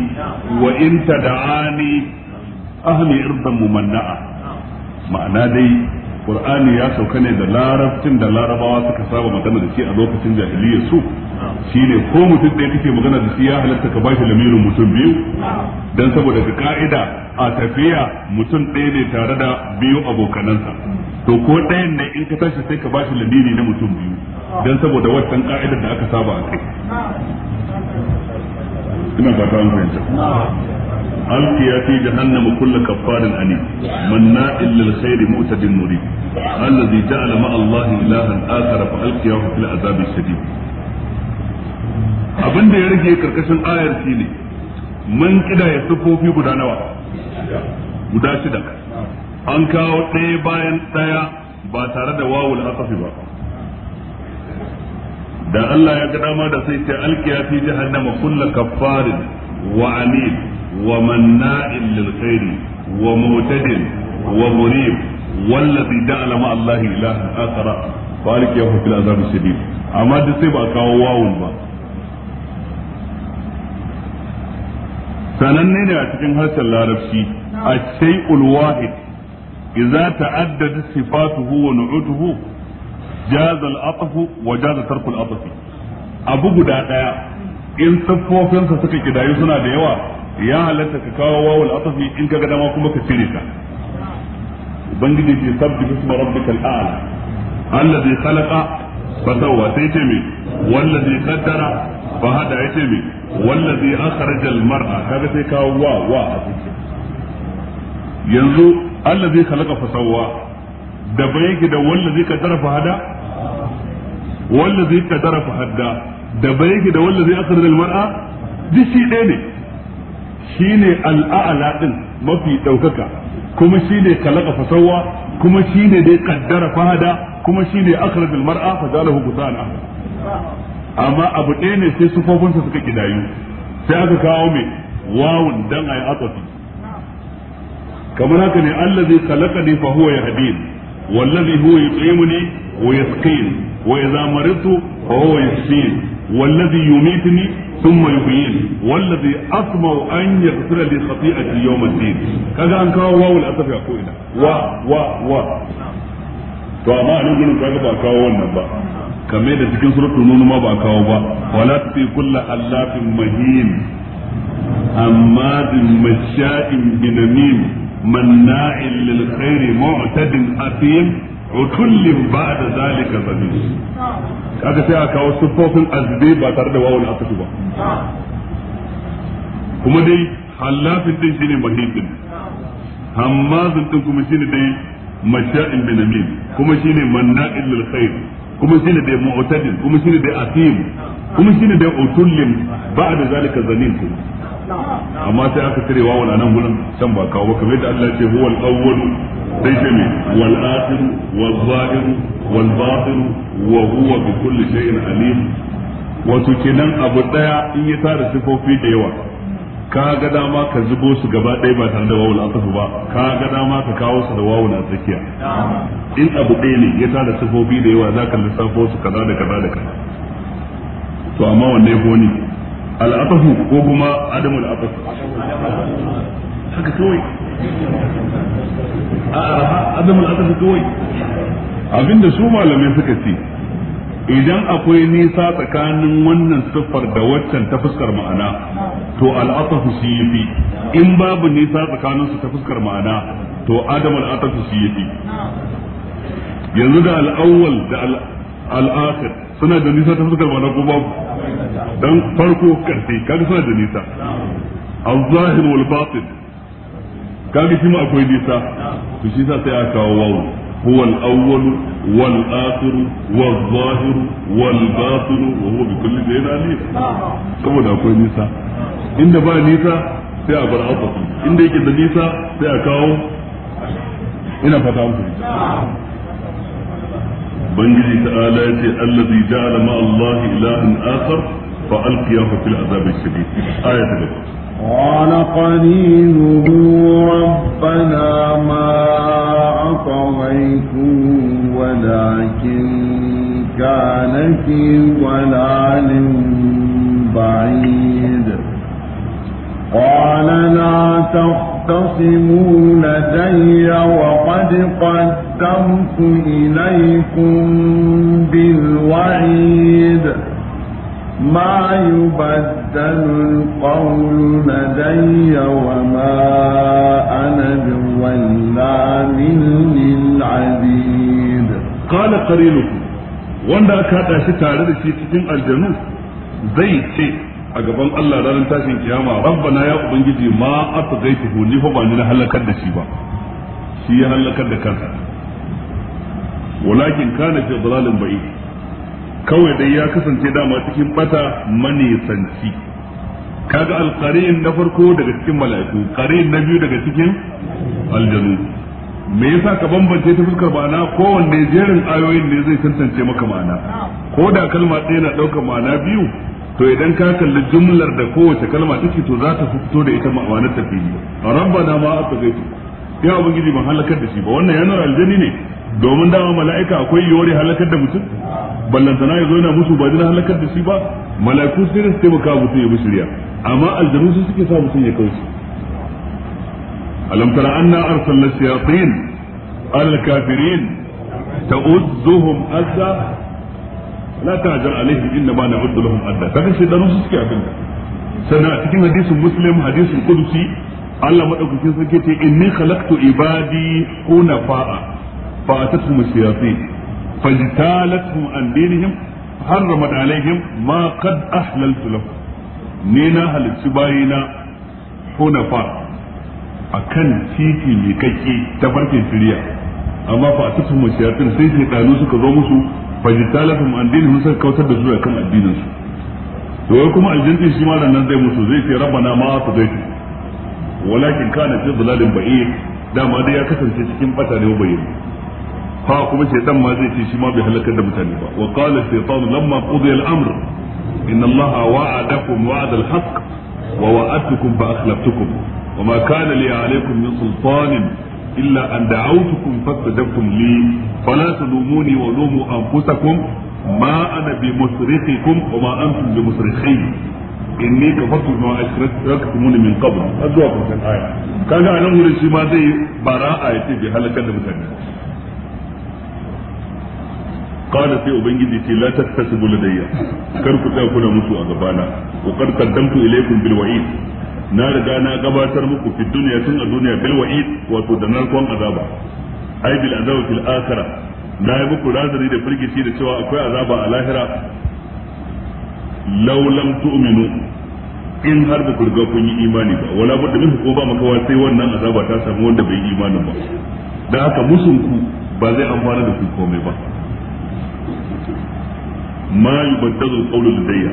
wa in tad'ani ahmi irdan mumanna'a ma'ana dai qur'ani ya sauka ne da larabcin da larabawa suka saba magana da shi a lokacin jahiliyyar su shine ko mutum ɗaya kake magana da shi ya halatta ka bashi lamirin mutum biyu dan saboda ga ka'ida a tafiya mutum ɗaya ne tare da biyu abokanansa to ko ɗayan ne in ka tashi sai ka bashi ladini na mutum biyu don saboda wancan ka'idar da aka saba a kai ina ba ta fahimta ألقي في جهنم كل كفار أنيم مناع للخير معتد مريب الذي جعل مع الله إلها آخر فألقياه في العذاب الشديد abin da ya rage karkashin ayar shi ne mun kida ya sufofi guda nawa guda shida an kawo ɗaya bayan ɗaya ba tare da wawul asafi ba da Allah ya ga dama da sai ta alkiya fi jahannama kullu kaffarin wa anid wa manna'in lil khairi wa mu'tadin wa munib wallazi ja'ala ma Allah ilahan akhara fa alkiya fi al shadid amma duk sai ba kawo wawul ba sananne ne a cikin harshen larabci a shay'ul wahid idza ta'addada sifatuhu wa nu'utuhu jaza al-atf wa jaza tarku al-atf abu guda daya in siffofinsa suka kidayu suna da yawa ya halatta ka kawo wawul atafi in kaga dama kuma ka cire ta ubangiji ce sabbi bisma rabbikal a'la allazi khalaqa fa sawwa sai ce me wallazi qaddara fa hada ya ce me wallazi akhraja mar'a kaga sai kawo wa wa a cikin yanzu allazi khalaqa fasawwa da bayyake da wallazi qadara fa hada wallazi qadara fa hada da bayyake da wallazi akhraja almar'a dishi ɗaya ne shine al'a'la din mafi daukaka kuma shine khalaqa fasawwa kuma shine dai qaddara fa kuma shine akhraja almar'a fa jalahu gusan ahmad amma abu ɗaya ne sai sufofinsa suka kidayu sai aka kawo mai wawun dan ayi atafi kamar haka ne allazi ne fa huwa yahdin wallazi huwa yut'imuni wa yasqin wa idza maridtu fa huwa yashfin wallazi yumitni thumma yuhyin wallazi asma'u an yaghfira li khati'ati yawm ad-din kaga an kawo wawul atafi a ko ina wa wa wa to amma a nan gurin kaga ba kawo wannan ba kamar da cikin suratul nun ma ba kawo ba wala fi kullu allafin mahin ammadin masha'in binamim manna'in lil khairi mu'tadin atim utullin ba'da zalika zalim kaga sai a kawo sufofin azbi ba tare da wawul akasu ba kuma dai hallafin din shine mahibin hammazin din kuma shine dai masha'in binamin kuma shine manna'in lil khair kuma shi ne bai mu'tadil kuma shi ne bai asim kuma shi ne shine bai utullin ba'da zalika zanin kuma amma sai aka cire wawan a nan gurin can ba kawo kamar yadda Allah ce huwal awwalu sai ce ne wal akhir wal zahir wal batin wa huwa bi kulli shay'in alim wato kenan abu daya in ya tara sifofi da yawa ka ga dama ka zubo su gaba ɗaya ba tare da wawul asafu ba ka ga dama ka kawo su da wawul a tsakiya in abu ɗaya ne ya tada sifofi da yawa za ka lissafo su kaza da kaza da kaza to amma wanne ko ne al'asafu ko kuma Adamu asafu haka kawai a adamul asafu kawai abinda su malamai suka ce idan akwai nisa tsakanin wannan siffar da waccan ta fuskar ma'ana to al'atafu shi fi. in babu nisa tsakanin su ta fuskar ma'ana to adam al'atafu shi fi. yanzu da al'awwal da al'akhir suna da nisa ta fuskar ma'ana ko babu dan farko karfe kaga suna da nisa al-zahir wal batin kaga shi ma akwai nisa to shi sa sai aka kawo wawu هو الأول والآخر والظاهر والباطن وهو بكل شيء عليم saboda akwai nisa inda ba nisa sai a bar asafi inda yake da nisa sai a kawo ina fata muku bangiji ta ala ya ce allazi ja'ala ma Allah ilahan akhar fa قال قرينه ربنا ما أطغيته ولكن كان في ضلال بعيد قال لا تختصموا لدي وقد قدمت إليكم بالوعيد ما يبدل يحزن القول لدي وما أنا بظلام للعبيد قال قرينه wanda aka haɗa shi tare da shi cikin aljanu zai ce a gaban Allah ranar tashin kiyama rabbana ya ubangiji ma afghaytuhu ni fa ba ni na halakar da shi ba shi ya halakar da kansa walakin kana fi dhalalin ba'id kawai dai ya kasance dama cikin bata manisanci kaga alqarin na farko daga cikin mala'iku qarin na biyu daga cikin aljanu me yasa ka bambance ta fuskar ma'ana kowanne jerin ayoyin ne zai tantance maka ma'ana ko da kalma ɗaya na ɗaukar ma'ana biyu to idan ka kalli jumlar da kowace kalma take to za ta fito da ita ma'anar ta fili rabbana ma atqaitu ya ubangiji ban halakar da shi ba wannan yana aljanni aljani ne domin dama mala'ika akwai yiwuwar halakar da mutum ballantana ya zo yana musu ba na halakar da shi ba mala'iku sai da su taimaka mutum ya bi shirya amma aljanu su suke sa mutum ya kauce alam tara anna arsalna shayatin al kafirin ta'udduhum azza la ta'jal alaihim inna ma na'uddu lahum adda kaga shi danu su suke abin da sannan a cikin hadisin muslim hadisin qudusi Allah madaukakin sarki ce inni khalaqtu ibadi hunafa fa atatuhum shayatin fajtalathum an dinihim harramat alaihim ma qad ahlaltu lahum ni na halicci bayina hunafa akan titi mai kake ta barkin shirya amma fa ta tumu shayatin sai sai danu suka zo musu fajtalathum an dinihim suka kautar da su akan addinin su to wai kuma aljinnin shi ma nan zai musu zai ce rabbana ma tadaitu walakin kana fi dhalalin ba'id dama dai ya kasance cikin bata ne bayyana ha kuma shaytan ma zai ce shi ma bai halakar da mutane ba wa qala shaytan lamma qudiya al-amr inna allaha wa'adakum wa'ada al-haqq wa wa'adtukum fa akhlaftukum wa ma kana li alaykum min sultanin إلا أن دعوتكم فاستجبتم لي فلا تلوموني ولوموا أنفسكم ما أنا بمصرخكم وما أنتم بمصرخي إني كفرت بما أشركتموني من قبل أدعوكم في الآية كان أنا أقول شيء ما زي براءة يتي بهلكة متنين qala sai ubangiji ce la tattasibu ladayya kar ku kuna musu a gabana wa qad qaddamtu ilaykum bil wa'id na riga na gabatar muku fi duniya tun a duniya wato da narkon azaba ai bil azabi fil na yi muku razari da firgici da cewa akwai azaba a lahira law in har ba ku riga kun yi imani ba wala budda min ko ba makawa sai wannan azaba ta sami wanda bai yi imanin ba dan haka musunku ba zai amfana da ku komai ba ma yubaddalu qawlu ladayya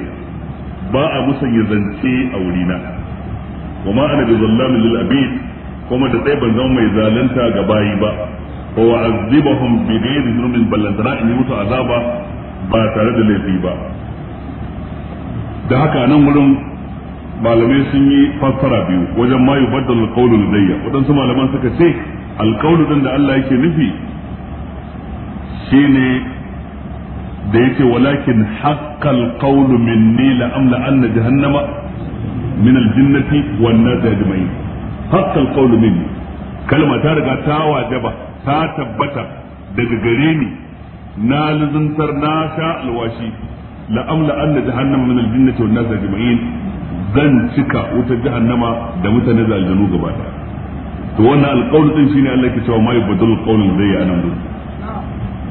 ba a musanya zance a wurina wa ma ana bi zallamin lil abid kuma da tsaye ban zama mai zalunta ga bayi ba wa wa'azibahum bi ghairi dhunubin ballantana in yi musu azaba ba tare da laifi ba da haka nan wurin malamai sun yi fassara biyu wajen ma yubaddal alqawlu ladayya wadansu malaman suka ce alqawlu din da Allah yake nufi shine da yake walakin haqqal qawlu minni la amla anna jahannama min aljinnati wan nasi ajma'in haqqal qawlu minni kalma ta riga ta wajaba ta tabbata daga gare ni na luzuntar na sha alwashi la amla anna jahannama min aljinnati wan nasi ajma'in zan cika wutar jahannama da mutane da aljanu gaba to wannan alƙawul din shine Allah ke cewa ma yubdul qawl zai anan gudu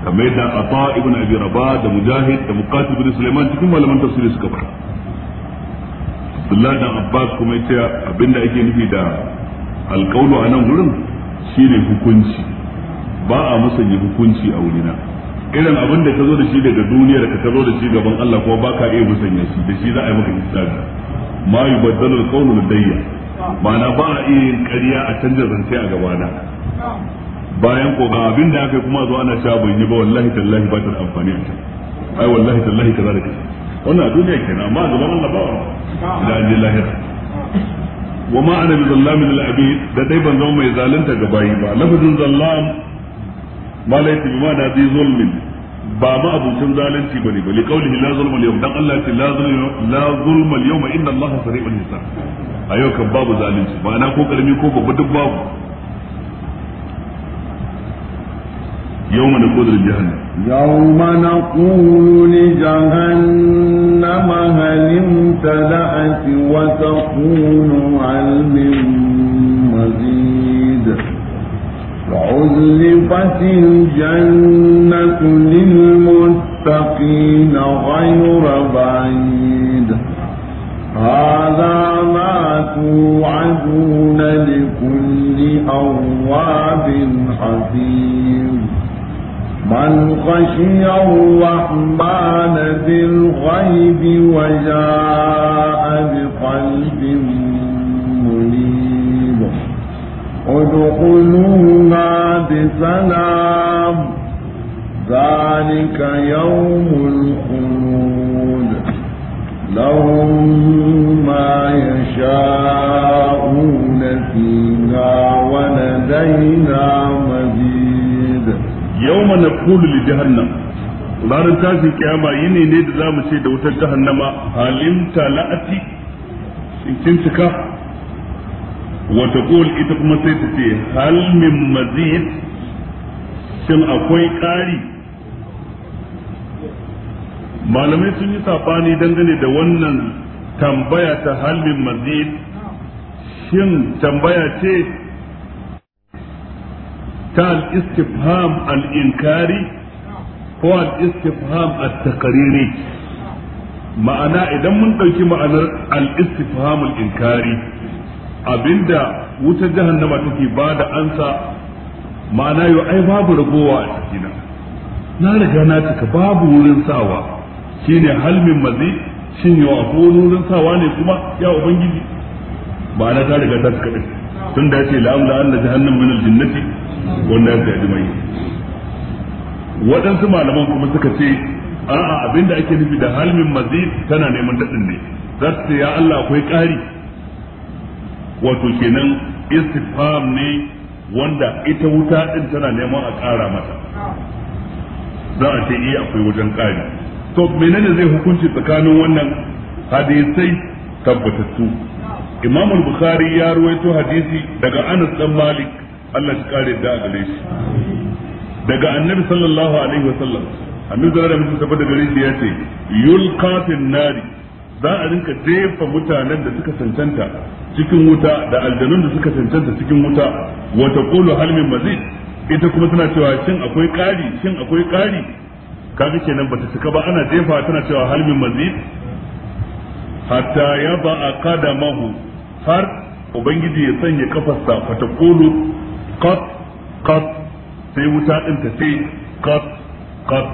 kamar da ata ibn abi rabah da mujahid da muqatil bin sulaiman cikin malaman tafsiri suka faɗa Abdullahi dan Abbas kuma yace abinda ake nufi da alqawlu a nan gurin shine hukunci ba a musanya hukunci a wurina irin abin da ka zo da shi daga da ka zo da shi gaban Allah kuma ba ka iya musanya shi da shi za a yi maka hisabi ma yubaddalu alqawlu ladayya ma'ana ba a iya yin ƙarya a canza zance a gabana bayan ko ga abin da aka kuma zo ana sha bai yi ba wallahi tallahi ba ta da amfani a can ai wallahi tallahi kaza da kaza wannan duniya kenan amma gaban Allah ba da ajin lahira wa ma ana bi zallamin lil abid da dai ban zama mai zalunta ga bayi ba lafazin zallam ma laita bi ma da zai zulmin ba ma abincin zalunci bane ba liqaulihi la zulma al-yawm dan Allah ce la zulma la zulma al-yawma inna Allah sari'ul hisab a yau kan babu zalunci ma'ana ko karami ko babu duk babu يوم نقول لجهنم يوم نقول لجهنم هل امتلأت وتقول علم مزيد وعذبت الجنة للمتقين غير بعيد هذا ما توعدون لكل أواب حفيظ من خشي الرحمن بالغيب وجاء بقلب منيب ادخلوها بسلام ذلك يوم الخلود لهم ما يشاءون فيها ولدينا مزيد yawma kulu li jahannam ranar tashin kiyama yini ne da zamu ce da wutar jahannama halim talati in cika wa taqul ita kuma sai ta ce hal min mazid shin akwai ƙari malamai sun yi sabani dangane da wannan tambaya ta hal mazid shin tambaya ce ta al-istifham al-inkari ko al-istifham at ma'ana idan mun ɗauki ma'anar al-istifham al-inkari abinda wutar jahannama take ba da ansa ma'ana yau ai babu ragowa a cikina na riga na cika babu wurin sawa shine halmin mazi shin yau wurin sawa ne kuma ya ubangiji ma'ana ta riga ta Tunda ya tun da ce la'amla anna jahannam min al-jannati wannan da jimai waɗansu malaman kuma suka ce a'a abinda ake nufi da halmin mazid tana neman daɗin ne za su ya Allah akwai ƙari wato kenan istifham ne wanda ita wuta ɗin tana neman a ƙara mata za a ce iya eh, akwai wajen ƙari to menene zai hukunci tsakanin wannan hadisai tabbatattu imam bukhari ya ruwaito hadisi daga anas dan malik Allah ya kare da gare shi daga annabi sallallahu alaihi wasallam annabi zara da mutum tabbata gare shi ya ce yulqa fil nari za a rinka jefa mutanen da suka cancanta cikin wuta da aljanun da suka cancanta cikin wuta wa taqulu hal min mazid ita kuma tana cewa shin akwai kari shin akwai kari kaga kenan bata cika ba ana jefa tana cewa hal min mazid hatta yaba qadamahu har ubangiji ya sanya kafarsa fa taqulu qat qat sai wuta din ta sai qat qat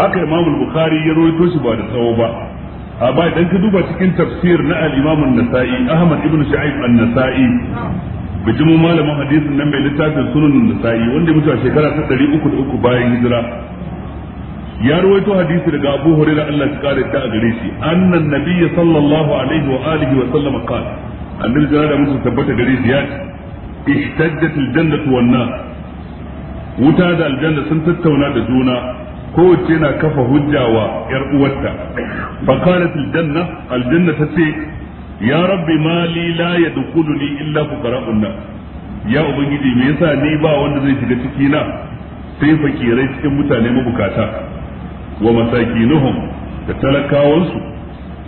haka Imam Bukhari ya rawaito shi ba da tsawo ba amma idan ka duba cikin tafsir na al-Imam an-Nasa'i Ahmad ibn Shu'aib an-Nasa'i bijimin hadisin nan mai littafin sunan nasa'i wanda ya mutu a shekara ta ɗari uku da uku bayan hijira ya rawaito hadisi daga abu hurairah Allah ya kare ta a gare shi annan sallallahu alaihi wa da tabbata gare ishtaddat aljannatu wan nar wuta da aljanna sun tattauna da juna kowace na kafa hujja wa yar uwarta fa qalat aljanna aljanna tace ya rabbi ma li la yadkhuluni illa fuqara'un nar ya ubangiji me yasa ni ba wanda zai shiga ciki na sai fakirai cikin mutane mabukata wa masakinuhum da talakawansu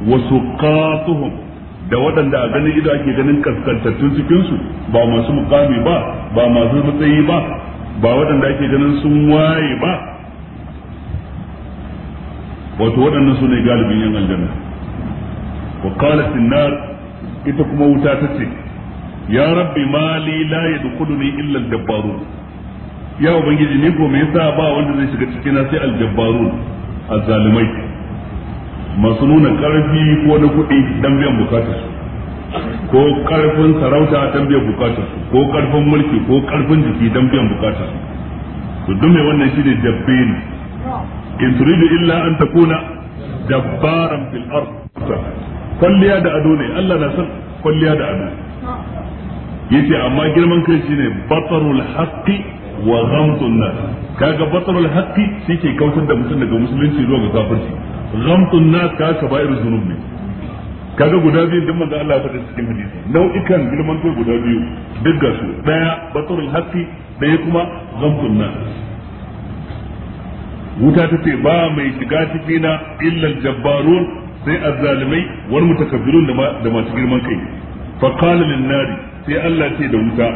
wa suqatuhum da waɗanda a ganin ido ake ganin kaskantattun cikinsu ba masu mukami ba ba masu matsayi ba ba waɗanda ake ganin sun waye ba wato waɗannan su ne galibin yan aljanna wa qalat ita kuma wuta ta ce ya rabbi mali la yadkhuluni illa al-jabbarun ya ubangiji ni ko me yasa ba wanda zai shiga cikin sai al-jabbarun masu nuna karfi ko na kuɗi dan biyan bukatar su ko karfin sarauta dan biyan bukatar su ko karfin mulki ko karfin jiki dan biyan bukatar su dume wannan shi ne dabbe ne in turidu illa an ta jabbaran fil ard kwalliya da ado ne Allah na san kwalliya da ado yace amma girman kai shine batarul haqqi wa ghamtun nas kaga batarul haqqi ke kautar da mutum daga musulunci zuwa ga kafirci ghamtun nas ka kaba'irul dhunub ne kaga guda biyu din manzo Allah ya faɗa cikin hadisi nau'ikan girman kai guda biyu duk ga su daya batarul haqqi daya kuma ghamtun nas wuta ta ce ba mai shiga na illa jabbarun sai azzalimai wal mutakabbirun da masu girman kai fa qala lin nari sai Allah ce da wuta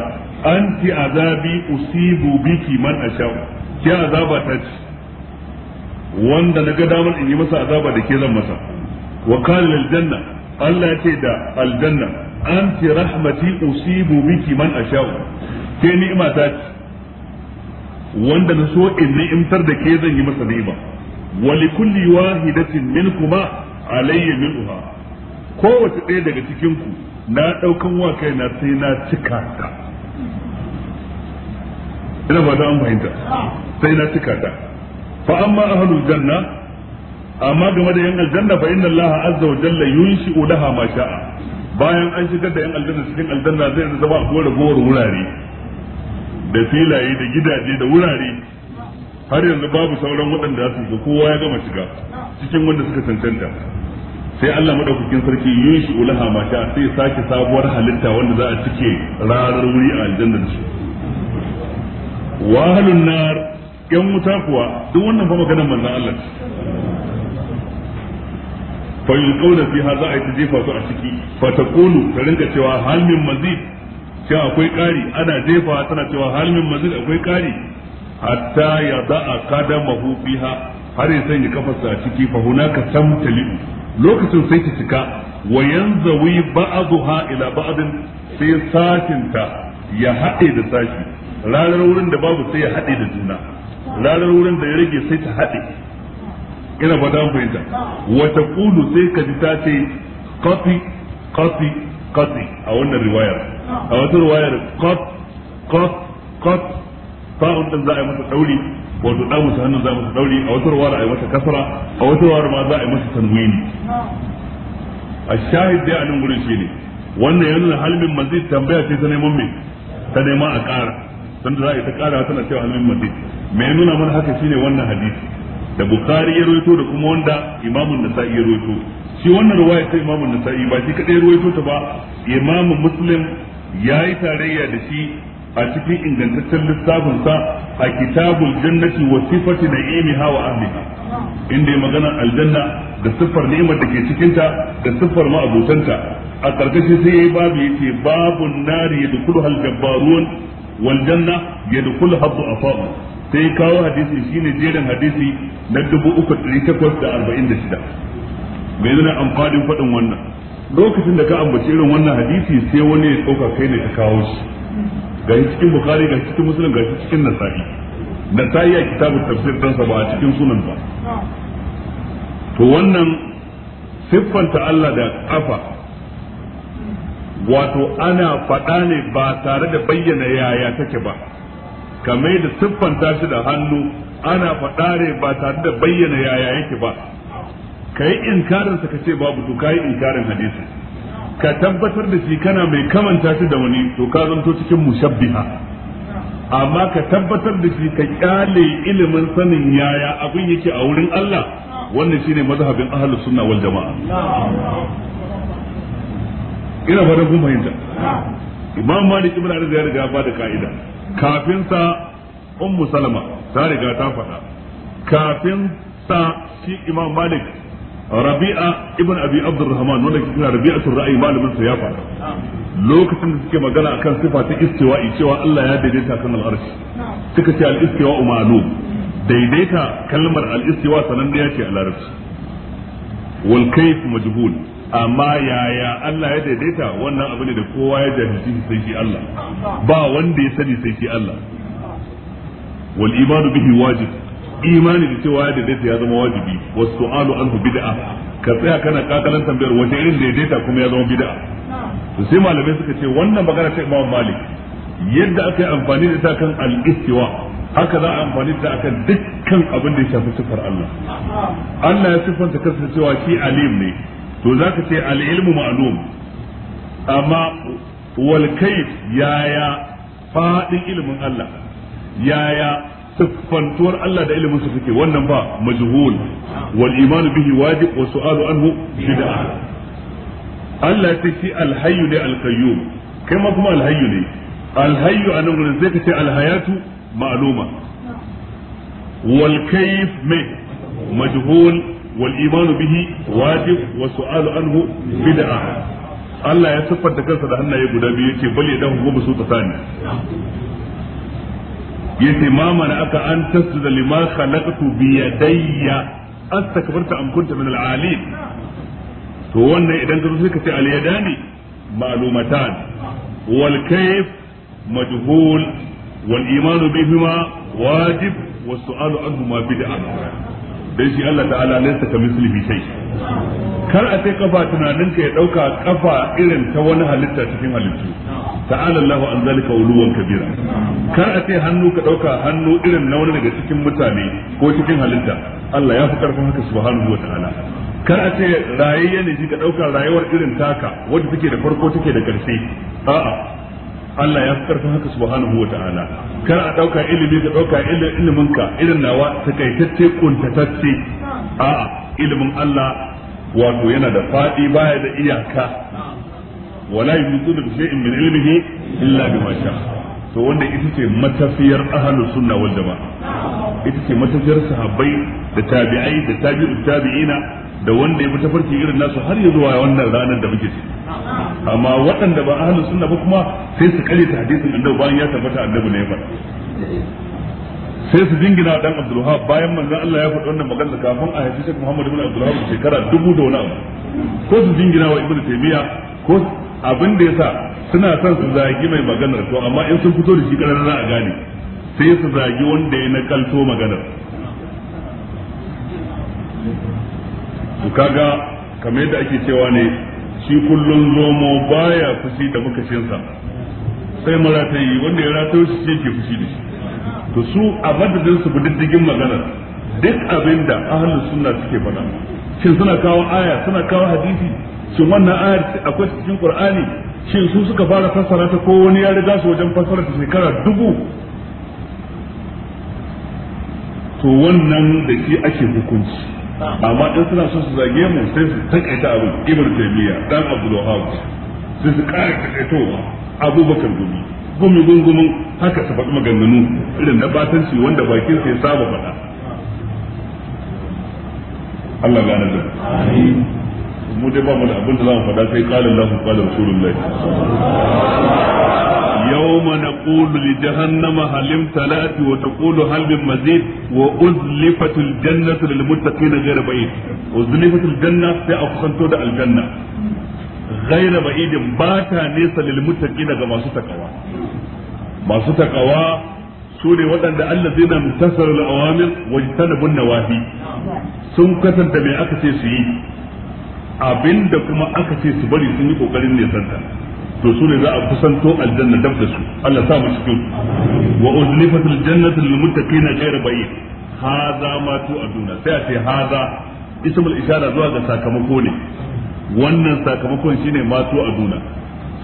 anti azabi usibu biki man asha'u ki azaba ta ce wanda na ga damar in yi masa azaba da ke zan masa wa qala aljanna. Allah ce da aljanna anti rahmati usibu biki man asha'u ke ni'ima ta wanda na so in ni'imtar da ke zan yi masa ni'ima wa li kulli wahidatin minkuma alayya minha kowace ɗaya daga cikin ku na ɗaukan wa kai na sai na cika ta ina ba da an fahimta sai na cika ta fa amma ahlul janna amma game da yan aljanna fa inna allaha azza wa jalla yunshi'u laha ma sha'a bayan an shigar da yan aljanna cikin aljanna zai zama akwai ragowar wurare da filaye da gidaje da wurare har yanzu babu sauran waɗanda su shiga kowa ya gama shiga cikin wanda suka cancanta sai Allah madaukakin sarki yunshi ulaha ma sha'a sai sake sabuwar halitta wanda za a cike ranar wuri a aljannar su wa nar yan wuta kuwa duk wannan fa maganar manzon Allah fa yulqawna fiha za a yi jefa su a ciki fa taqulu ta rinka cewa hal min mazid cewa akwai ƙari ana jefa tana cewa hal min mazid akwai kari hatta ya da'a qadamahu fiha har ya sanya kafarsa a ciki fa hunaka tamtali lokacin sai ta cika wa yanzawi ba'dha ila ba'd sai satinta ya haɗe da sashi ranar wurin da babu sai ya haɗe da juna ranar wurin da ya rage sai ta haɗe ina ba da fahimta wata kulu sai ka ji ta ce kafi kafi kafi a wannan riwayar a wata riwayar kaf kaf kaf ta'un din za a yi masa dauri wato da musu hannun za a masa dauri a wata riwayar a yi masa kasara a wata riwayar ma za a yi masa tanwini a shahid dai a nan gurin ne. wannan ya nuna halmin mazid tambaya ce ta neman me ta nema a ƙara sun da za a yi ta kara tana cewa halin madid me nuna mana haka shine wannan hadisi da bukari ya roito da kuma wanda imamu nasa'i ya roito shi wannan ruwaya ta imamu nasa'i ba shi kadai roito ta ba imamu muslim ya yi tarayya da shi a cikin ingantaccen lissafin sa a kitabul jannati wa sifati na'imiha hawa ahli inda ya magana aljanna da siffar ni'imar da ke cikinta da siffar ma'abutanta a karkashin sai yayi babu yace babun nari yadkhuluha jabbarun wal janna yadkhulha du'afa sai kawo hadisi shine jerin hadisi na shida. mai nuna amfanin faɗin wannan lokacin da ka ambaci irin wannan hadisi sai wani ya ɗauka kai ne ka kawo shi ga cikin bukhari ga cikin musulun, ga cikin nasa'i nasa'i a kitabun tafsir ɗansa ba a cikin sunan ba to wannan siffanta Allah da kafa wato ana faɗa ne ba tare da bayyana yaya take ba kamar da siffanta shi da hannu ana faɗa ne ba tare da bayyana yaya yake ba ka yi inkarinsa ka ce babu to ka yi inkarin hadisi ka tabbatar da shi kana mai kamanta shi da wani to ka zanto cikin mushabbiha amma ka tabbatar da shi ka kyale ilimin sanin yaya abin yake a wurin Allah wannan shine mazhabin ahlus sunna wal jama'a ina ba kuma kun fahimta imam malik ibn arzi ya riga ba da ka'ida kafin sa ummu salama ta riga ta faɗa kafin sa shi imam malik rabi'a ibn abi abdurrahman wanda ke kira rabi'atul ra'ayi malamin sa ya faɗa lokacin da suke magana akan sifa ta istiwa'i cewa Allah ya daidaita kan al'arshi suka ce al-istiwa'u daidaita kalmar al-istiwa sananniya ce a larabci wal kayf majhul amma yaya Allah ya daidaita wannan abu ne da kowa ya jahilci sai shi Allah ba wanda ya sani sai shi Allah wal imanu bihi wajib imani da cewa ya daidaita ya zama wajibi wasu su'alu anhu bid'a ka tsaya kana kakalan tambayar wace irin daidaita kuma ya zama bid'a to sai malamai suka ce wannan magana ta Imam Malik yadda aka yi amfani da ta kan al-istiwa haka za a amfani da akan dukkan abin da ya shafi sifar Allah Allah ya siffanta kansa cewa shi alim ne to za ka ce al'ilmu ilmu amma wal kayf yaya faɗin ilimin Allah yaya siffantuwar Allah da ilimin su suke wannan ba majhul wal iman bihi wajib wa su'alu anhu bid'a Allah ta ce alhayyu hayyu da kai ma kuma alhayyu hayyu ne al hayyu anan gurin zai ka ce al ma'luma wal kayf me majhul wal imanu bihi wajib wa su'alu anhu bid'a Allah ya siffanta kansa da hannaye guda biyu yace bal yadahu goma su tsani yace ma mana aka an tasjuda lima khalaqtu bi yadayya astakbarta am kunta min al-alim to wannan idan ka zo sai ka ce al ma'lumatan wal kayf majhul wal imanu bihima wajib والسؤال عنهما بدعة dai shi Allah ta'ala laysa ka kar a sai kafa tunanin ka ya dauka kafa irin ta wani halitta cikin halittu ta'ala Allahu an zalika uluwan kabira kar a sai hannu ka dauka hannu irin na wani daga cikin mutane ko cikin halitta Allah ya fi karfin haka subhanahu wata'ala kar a ce rayayye ne shi ka dauka rayuwar irin taka wanda take da farko take da karshe a'a Allah ya fi karfin haka subhanahu wa ta'ala kar a dauka ilimi ka dauka ilimin ka irin nawa takaitacce kuntatacce a'a ilimin Allah wato yana da fadi baya da iyaka wala yuzudu bi shay'in min ilmihi illa bima sha to wanda ita ce matafiyar ahlus sunna wal jamaa ita ce matafiyar sahabbai da tabi'ai da tabi'ut tabi'ina da wanda ya bi farki irin nasu har ya zuwa wannan ranar da muke ciki amma waɗanda ba ahlus sunna ba kuma sai su kare ta hadisin annabi bayan ya tabbata annabi ne ya faɗa sai su jingina dan Abdul bayan manzon Allah ya faɗa wannan magana kafin a haifi Sheikh Muhammad ibn Abdul shekara dubu da wani abu ko su jingina wa Ibn Taymiyyah ko abin da ya sa suna son su zagi mai maganar to amma in sun fito da shi karar za a gane sai su zagi wanda ya nakalto maganar to kaga kamar yadda ake cewa ne shi kullun zomo baya fushi da makashinsa sai yi wanda ya ratayo shi sai ke fushi da shi to su a madadin su diddigin magana duk abin da ahlus sunna suke faɗa shin suna kawo aya suna kawo hadisi shin wannan ayar akwai cikin qur'ani shin su suka fara fassara ta ko wani ya riga su wajen fassara ta shekara dubu to wannan da shi ake hukunci amma in suna so su zage mu sai su takaita abin ibn taymiya dan abdul wahhab sai su kara takaitowa abubakar gumi gumi gungumin haka su faɗi maganganu irin na batanci wanda bakin sai saba faɗa Allah mu dai ba mu da abin da za mu faɗa sai qala Allahu Yau Rasulullah yawma naqulu li jahannama hal imtalati wa taqulu hal min mazid wa uzlifatul jannatu lil muttaqina ghayra ba'id uzlifatul janna sai a kusanto da aljanna ghayra ba'idin ba ta nesa lil muttaqina ga masu takawa masu takawa su ne waɗanda Allah zai na mutasar al'awamir wajen tanabun nawahi sun kasanta mai aka ce su yi abinda kuma aka ce su bari sun yi kokarin nisanta to su ne za a kusanto aljanna dab da su Allah sa mu cikin wa uzlifatul jannatu lil muttaqina ghayra ba'id hadha ma tu aduna sai a ce hadha ismul ishara zuwa ga sakamako ne wannan sakamakon shine ma tu aduna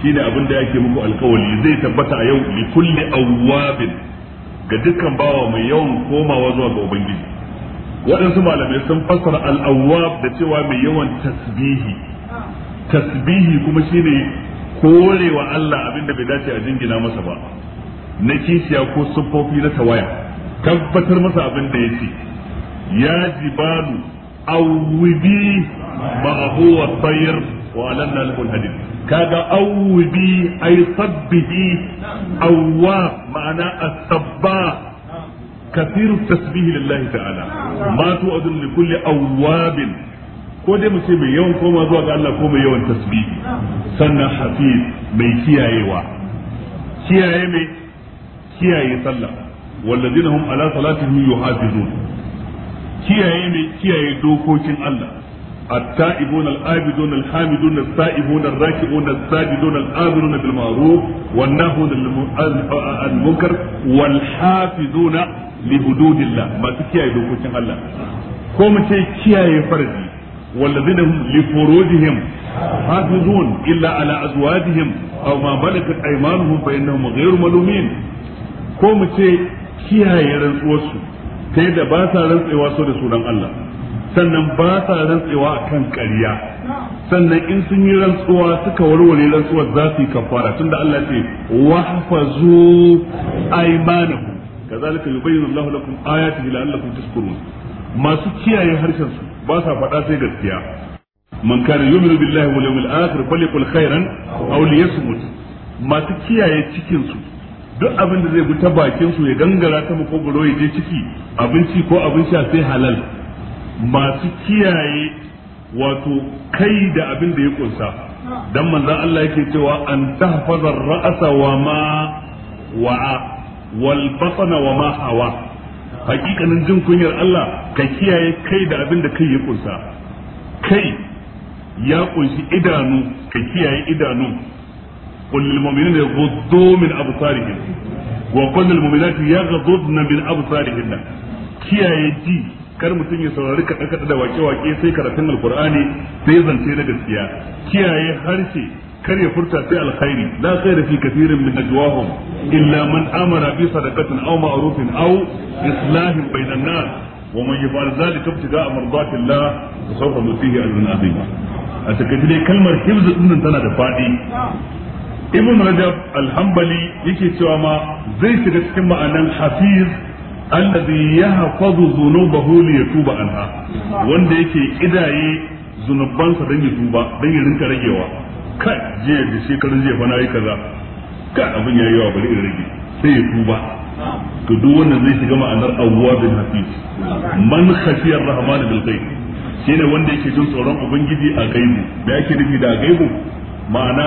shine abin da yake muku alkawali zai tabbata a yau li kulli awwabin ga dukkan bawa mai yawan komawa zuwa ga ubangiji waɗansu malamai sun fassara al'awwab da cewa mai yawan tasbihi tasbihi kuma shine korewa Allah abinda bai dace a jingina masa ba na kishiya ko siffofi na tawaya tabbatar masa abin da ya ce ya jibalu awwibi ma'ahu wa bayar. wa na lahul hadid kaga a yi sabbihi awwa ma'ana a sabba. kasiru tasbihi lillahi ta'ala ma tu adun li kulli awwabin ko dai mu ce mai yawan koma zuwa ga Allah ko mai yawan tasbihi sannan hafiz mai kiyayewa kiyaye mai kiyaye sallah walladina hum ala salatihim yuhafizun kiyaye mai kiyaye dokokin Allah التائبون العابدون الحامدون السائبون الراكعون الساجدون الآمرون بالمعروف والناهون عن المنكر والحافظون li masu kiyaye dokokin Allah ko mu ce kiyaye farji والذين هم لفروجهم حافظون إلا على أزواجهم أو ما ملكت أيمانهم فإنهم غير ملومين ko mu ce kiyaye rantsuwarsu ta yadda ba sa rantsewa su da sunan Allah sannan ba sa rantsewa a kan ƙarya sannan in sun yi rantsuwa suka warware rantsuwar za su yi kafara tunda Allah ce wahfazu aymanakum kazalika yubayyinu Allahu lakum ayatihi la'allakum tashkurun masu kiyaye harshen su ba sa faɗa sai gaskiya man kana yu'minu billahi wal yawmil akhir falyakul khairan aw liyasmut masu kiyaye cikin su duk abin da zai bi ta bakin su ya gangara ta makogoro ya je ciki abinci ko abin sha sai halal masu kiyaye wato kai da abin da ya kunsa dan manzon Allah yake cewa an tahfaza ra'asa wa ma wa'a Walbafana wa ma hawa hakikanin jin kunyar Allah ka kiyaye kai da abin da kai ya kunsa kai ya kunshi idanu ka kiyaye idanu qul mu'minina yaghuddu min absarihim wa qul mu'minati yaghudna min absarihinna kiyaye ji kar mutum ya saurari kaɗe-kaɗe da wake-wake sai karatun alkur'ani sai zance na gaskiya kiyaye harshe kar ya furta sai alkhairi la khaira fi kathirin min najwahum illa man amara bi sadaqatin aw ma'rufin aw islahin bainan nas wa man yaf'al dhalika ibtida'a mardati Allah sawfa nutihi ajran 'azima a takaice dai kalmar hibzu din tana da fadi ibn rajab al-hanbali yake cewa ma zai shiga cikin ma'anan hafiz allazi yahfazu dhunubahu li yatuba anha wanda yake idaye zunubansa dan ya duba dan ya rinka ragewa kai jiya da shekarun jiya fa na yi kaza kai abin ya yi yawa bari in rage sai ya tuba to duk wannan zai shiga ma'anar awwabin hafiz man khashiyar rahman bil ghaib shine wanda yake jin tsoron ubangiji a gaibi da yake nufi da gaibi ma'ana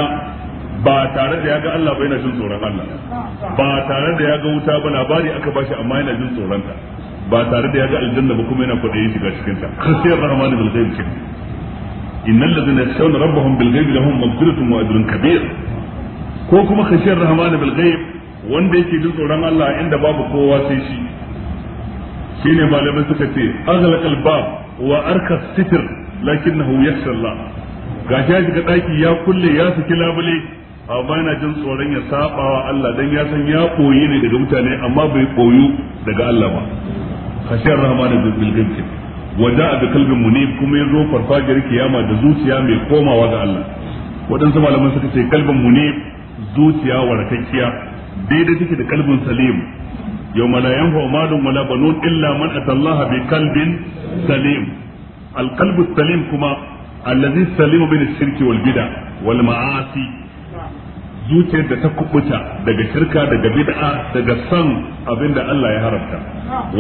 ba tare da ya ga Allah ba yana jin tsoron Allah ba tare da ya ga wuta ba na bari aka bashi amma yana jin tsoron ta ba tare da ya ga aljanna ba kuma yana kwaɗayin shiga cikin ta khashiyar rahman bil ghaib innal ladzina yakhshawna rabbahum bil ghaibi lahum maghfiratun wa ajrun kabir ko kuma khashiyar rahman bil ghaib wanda yake jin tsoron Allah inda babu kowa sai shi shine malamai suka ce aghlaqal bab wa arka sitr lakinnahu yakhsha Allah gashi ya shiga daki ya kulle ya saki labule amma yana jin tsoron ya saba wa Allah dan ya san ya koyi ne daga mutane amma bai koyu daga Allah ba khashiyar wa a bi qalbin ne kuma zo farfajiyar kiyama da zuciya mai komawa ga Allah waɗansu malamai suka ce kalbin ne zuciya warakakkiya daidai take da kalbin salim yau la yanfa malun wala banun illa man atallaha bi kalbin salim alqalbu salim kuma allazi salimu bin shirki wal bid'a wal ma'asi zuciyar da ta kubuta daga shirka daga bid'a daga san abinda Allah ya haramta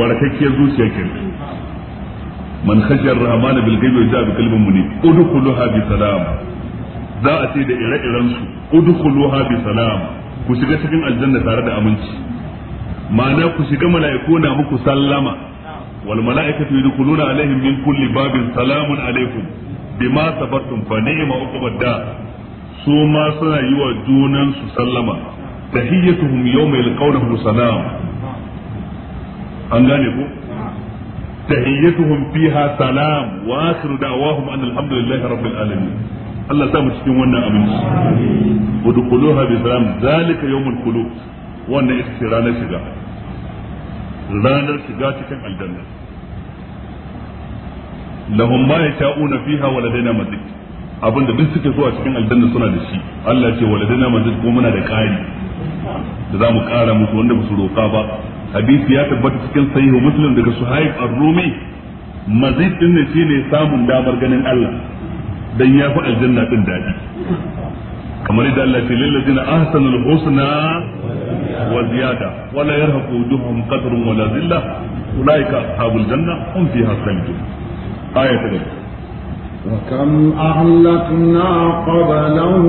warakakkiyar zuciya kenan man khashiyar rahmana bil ghaibi wa ja'a bi qalbin munib udkhuluha bi salam za a ce da ire-iren su udkhuluha bi salam ku shiga cikin aljanna tare da aminci ma'ana ku shiga mala'iku na muku sallama wal mala'ikatu yadkhuluna alaihim min kulli babin salamun alaikum bima sabartum fa ni'ma uqbad da su ma suna yi wa junan su sallama tahiyyatuhum yawma yalqawnahu salam an gane ko tahiyyatuhum fiha salam wa akhiru da'wahum an alhamdulillahi rabbil alamin Allah sa mu cikin wannan aminci udkhuluha bi salam zalika yawmul khulud wannan ita ce ranar shiga ranar shiga cikin aljanna lahum ma yata'una fiha duk suke zuwa cikin aljanna suna da shi Allah ce wa ladaina mazid kuma muna da ƙari da za mu ƙara musu wanda ba su roƙa ba hadisi ya tabbata cikin sahihu muslim daga suhaib ar-rumi mazid samun damar ganin Allah dan aljanna din dadi kamar yadda Allah ce lil ladina ahsanul husna wa ziyada wa la yarhaqu wujuhum qatrun وكم أهلكنا قبلهم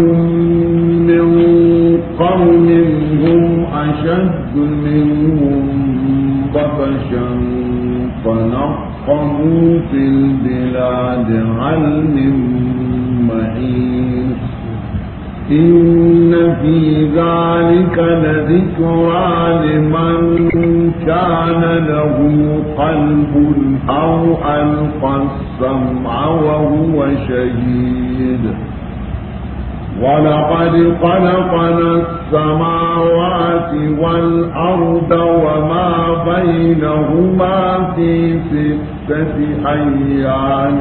من قوم هم أشد منهم بطشا فنقموا في البلاد علم من إن في ذلك لذكرى لمن كان له قلب أو ألقى السمع وهو شهيد ولقد خلقنا السماوات والأرض وما بينهما في ستة أيام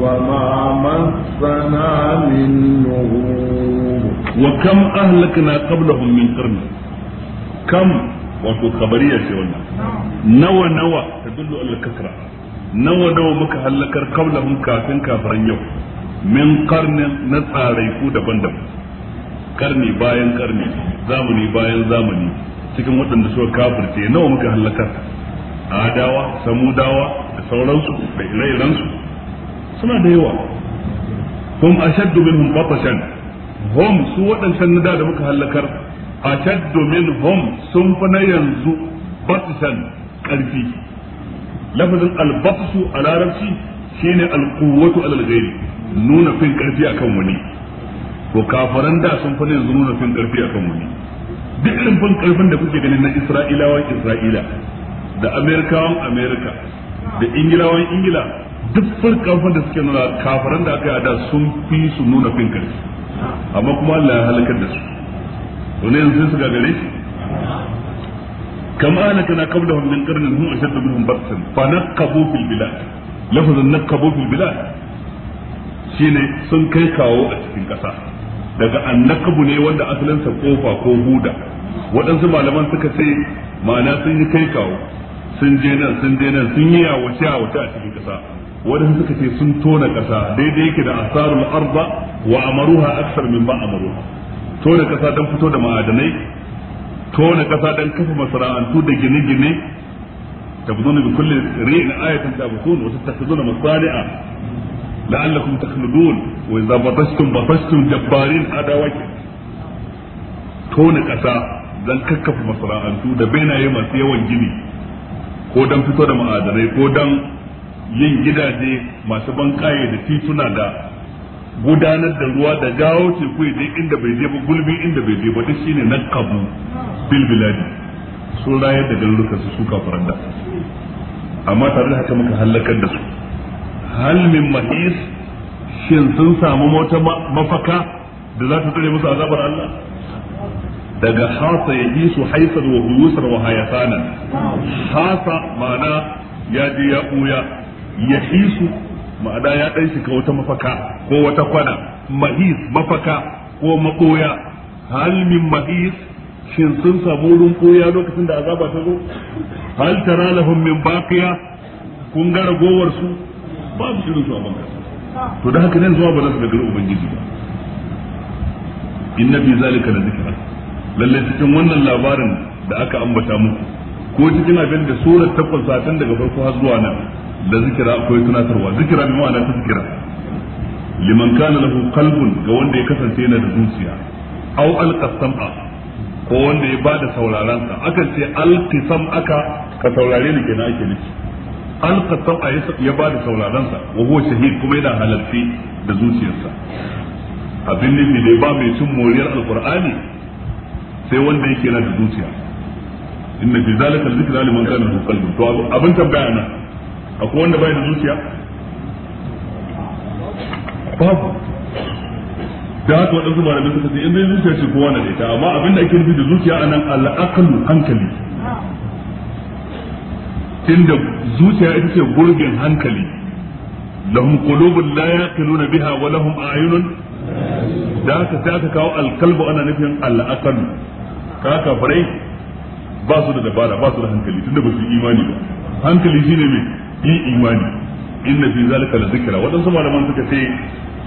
وما مسنا من لغوب وكم أهلكنا قبلهم من قرن كم wato kabariya ce wannan nawa nawa ta dullu al kasra nawa nawa muka halakar mun kafin kafaran yau min karni na ku daban-daban karni bayan karni zamani bayan zamani cikin waɗanda suka kafirce nawa muka halakar adawa samudawa da sauransu da ire-irensu suna da yawa hum ashaddu minhum batashan hum su waɗancan nada da muka halakar ashaddu minhum sun fi na yanzu batsan karfi lafazin albatsu a larabci shine alquwwatu alal nuna fin karfi akan wani to kafaran da sun fi na yanzu nuna fin karfi akan wani duk irin fin karfin da kuke na isra'ila da amerikawan amerika da ingila duk farkafin da suke nuna kafaran da aka yi da sun fi su nuna fin karfi amma kuma Allah ya halakar da su to ne yanzu su gagare shi كما أهلكنا قبلهم من قرن هم أشد منهم بأسا فنقبوا في البلاد لفظ نقبوا في البلاد shine sun kai kawo a cikin ƙasa daga annakabu ne wanda asalinsa kofa ko huda waɗansu malaman suka ce ma'ana sun yi kai kawo sun je nan sun je nan sun yi yawace yawace a cikin ƙasa waɗansu suka ce sun tona ƙasa daidai yake da asarul arba wa amaruha aksar min ba amaruha tona kasa don fito da ma'adanai tona kasa don kafa masana'antu da gine-gine tabzuna bi kulli ri'in ayatan tabkun wa tattakhizuna masani'a la'allakum takhludun ba idza batashtum batashtum jabbarin adawaki tona kasa don kakkafa masana'antu da benaye masu yawan gini ko don fito da ma'adanai ko don yin gidaje masu bankaye da tituna da gudanar da ruwa da jawo teku ya je inda bai je ba gulbi inda bai je ba duk shine na kabu bil biladi sun rayar da garurukan su suka faranda amma tare da haka muka halakar da su hal min mahis shin sun samu mota mafaka da za ta tsare musu azabar Allah daga hasa ya yi su haisar wa huyusar wa hayasana hasa ma'ana ya je ya ɓuya ya hisu Ma'ada ya dan shiga wata mafaka ko wata kwana mahis mafaka ko makoya hal min mahis shin sun samu wurin koya lokacin da azaba ta zo hal tara lahum min baqiya kun ga ragowar su babu irin su a banka to da haka nan zuwa ba za su daga ubangiji ba inna zalika la zikra lalle cikin wannan labarin da aka ambata muku ko cikin abin da surar ta daga farko har zuwa nan da zikira akwai tunatarwa zikira bi ma'ana ta zikira liman kana lahu qalbun ga wanda ya kasance yana da zuciya aw alqa sam'a ko wanda ya bada sauraron sa akan ce alqi sam'aka ka saurare ni kenan ake nufi alqa sam'a ya bada sauraron sa wa huwa shahid kuma yana halarci da zuciyarsa abin nufi da ba mai cin moriyar alqur'ani sai wanda yake yana da zuciya inna fi zalika dhikra liman kana lahu qalbun to abin tambaya na akwai wanda bai da zuciya babu da haka waɗansu malamai suka ce in dai zuciya ce kowa na da ita amma abin da ake nufi da zuciya a nan, al'aqlu hankali tunda zuciya ita ce gurgin hankali lahum qulubun la yaqiluna biha wa lahum a'yunun da haka sai aka kawo alkalbu ana nufin al'aqlu kaka farai, ba su da dabara ba su da hankali tunda ba su imani ba hankali shine mai yi imani inna fi zalika la zikira waɗansu malaman suka ce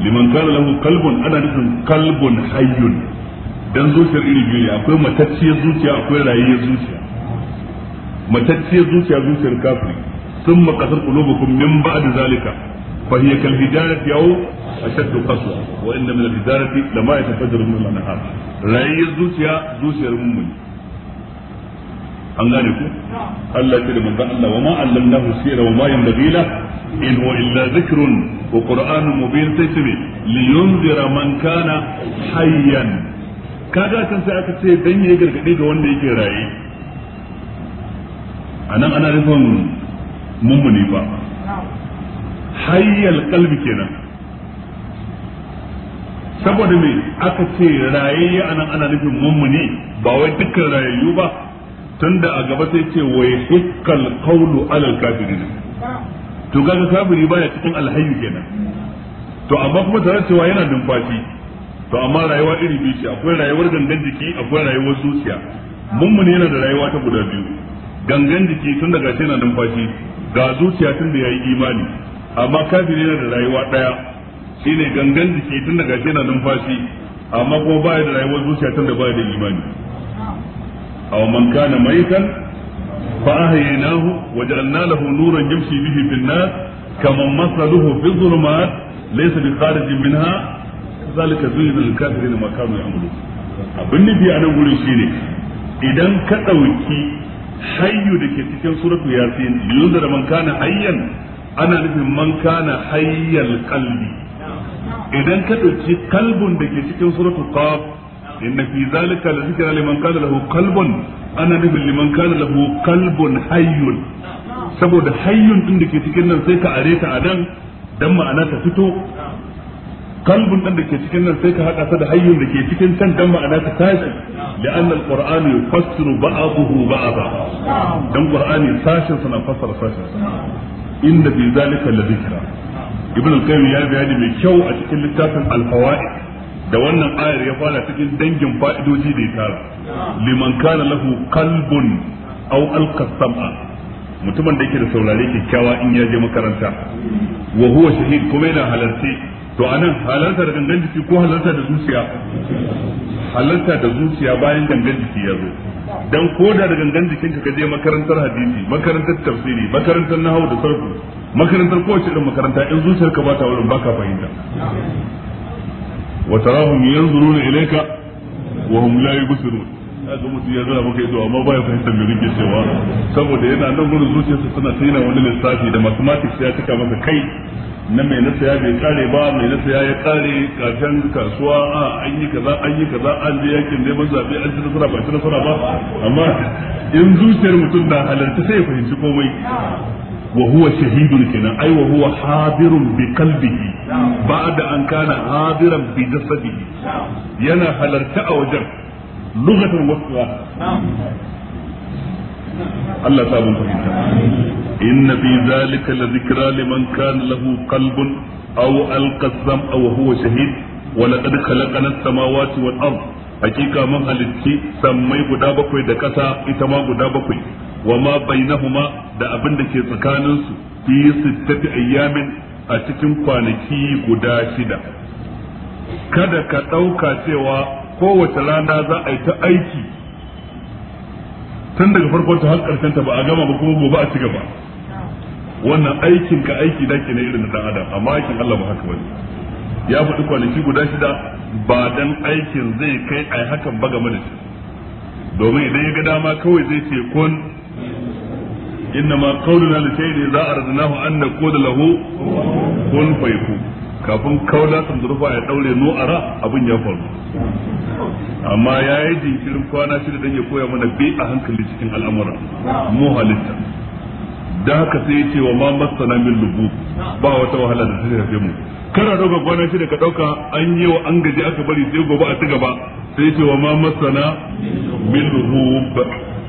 liman kana lahu qalbun ana nufin qalbun hayyun dan zuciyar iri biyu ne akwai matacciyar zuciya akwai rayayyar zuciya matacciyar zuciya zuciyar kafiri sun makasar qulubukum min ba'd zalika fa hiya kal hijarati yaw ashad qaswa wa inna min al hijarati lama yatafajjaru min al nahar rayayyar zuciya zuciyar mummuni an gane ku Allah ce da manzon Allah wa ma allamnahu sirra wa ma yanbaghi la in huwa illa dhikrun wa qur'anun mubin sai ce li yunzira man kana hayyan kaga kan sai aka ce dan yayi gargadi ga wanda yake raye anan ana nufin mummuni ba. hayyal qalbi kenan saboda me aka ce rayayye anan ana nufin mummuni ba wai dukkan rayayyu ba tunda a gaba sai ce wai hikkal qawlu alal kafirin to ga kafiri baya cikin alhayyu kenan to amma kuma tare cewa yana numfashi to amma rayuwa iri biyu ce akwai rayuwar gangan jiki akwai rayuwar zuciya mun yana da rayuwa ta guda biyu gangan jiki tun daga shi yana numfashi ga zuciya tun da yayi imani amma kafiri yana da rayuwa daya shine gangan jiki tun daga shi yana numfashi amma kuma baya da rayuwar zuciya tun da baya da imani aw man kana maytan fa ahyaynahu wa ja'alna lahu nuran yamshi bihi fil nas kama masaluhu fi dhulumat laysa bi kharijin minha zalika zuyina lil kafirin ma kanu ya'malun abin nufi a nan gurin shine idan ka dauki hayyu da ke cikin suratu yasin yunzar man kana hayyan ana nufin man kana hayyal qalbi idan ka ɗauki kalbun da ke cikin inna fi zalika la zikra liman kana lahu qalbun ana nufin liman kana lahu qalbun hayyun saboda hayyun din da ke cikin nan sai ka are a nan dan ma'ana ta fito kalbun din da ke cikin nan sai ka hada ta da da ke cikin can dan ma'ana ta tashi la'anna alquran yufassiru ba'dahu ba'da dan qur'ani sashin fi ibn al ya bayani mai kyau a cikin littafin al da wannan ayar ya fara cikin dangin fa'idoji da ya tara liman kana lahu kalbun aw alqa mutumin da yake da saurare kyakkyawa in ya je makaranta wa huwa shahid kuma yana halarci to anan halarta da gangan jiki ko halarta da zuciya halarta da zuciya bayan gangan jiki ya zo dan ko da da gangan jikin ka je makarantar hadisi makarantar tafsiri makarantar nahawu da sarfu makarantar kowace irin makaranta in zuciyarka ba ta wurin baka fahimta wa tarahum yanzuruna ilayka wa hum la yubsirun kaga mutum ya zara maka ido amma baya fahimtar me kake cewa saboda yana nan gurin zuciyarsa tana tina wani lissafi da mathematics ya cika maka kai na mai na saya bai kare ba mai na saya ya kare karshen kasuwa a an yi kaza an yi kaza an je yakin neman zabe an ci nasara ba ci nasara ba amma in zuciyar mutum na halarta sai ya fahimci komai wa huwa shahidun kenan ai wa hadirun bi qalbihi ba'da an kana hadiran bi jasadihi yana halarta a wajen lughatan wasra Allah ta mun fahimta inna fi zalika la dhikra liman kana lahu qalbun aw alqa sam'a wa huwa shahid wa laqad khalaqna hakika mun sammai guda bakwai da ƙasa, ita ma guda bakwai wa ma bainahuma da abin da ke tsakanin su fi sittati ayyamin a cikin kwanaki guda shida kada ka ɗauka cewa kowace rana za a yi ta aiki tun daga farko ta har ƙarshen ta ba a gama ba kuma gobe a ci gaba wannan aikin ka aiki da ke na irin da adam amma aikin Allah ba haka bane ya faɗi kwanaki guda shida ba dan aikin zai kai ai hakan ba ga da domin idan ya ga dama kawai zai ce kun إنما قولنا لشيء إذا أردناه أن نقول له كن فيكون kafin kaula sun zurfa ya daure nu ara abin ya faru amma ya yi jinkirin kwana shi da ya koya mana bi a hankali cikin al'amura mu halitta da haka sai ya ce wa ma masana min lubu ba wata wahala da ta shafe mu kana dauka kwana shi ka dauka an yi wa an gaji aka bari sai gobe a ci gaba sai ya ce wa ma masana min lubu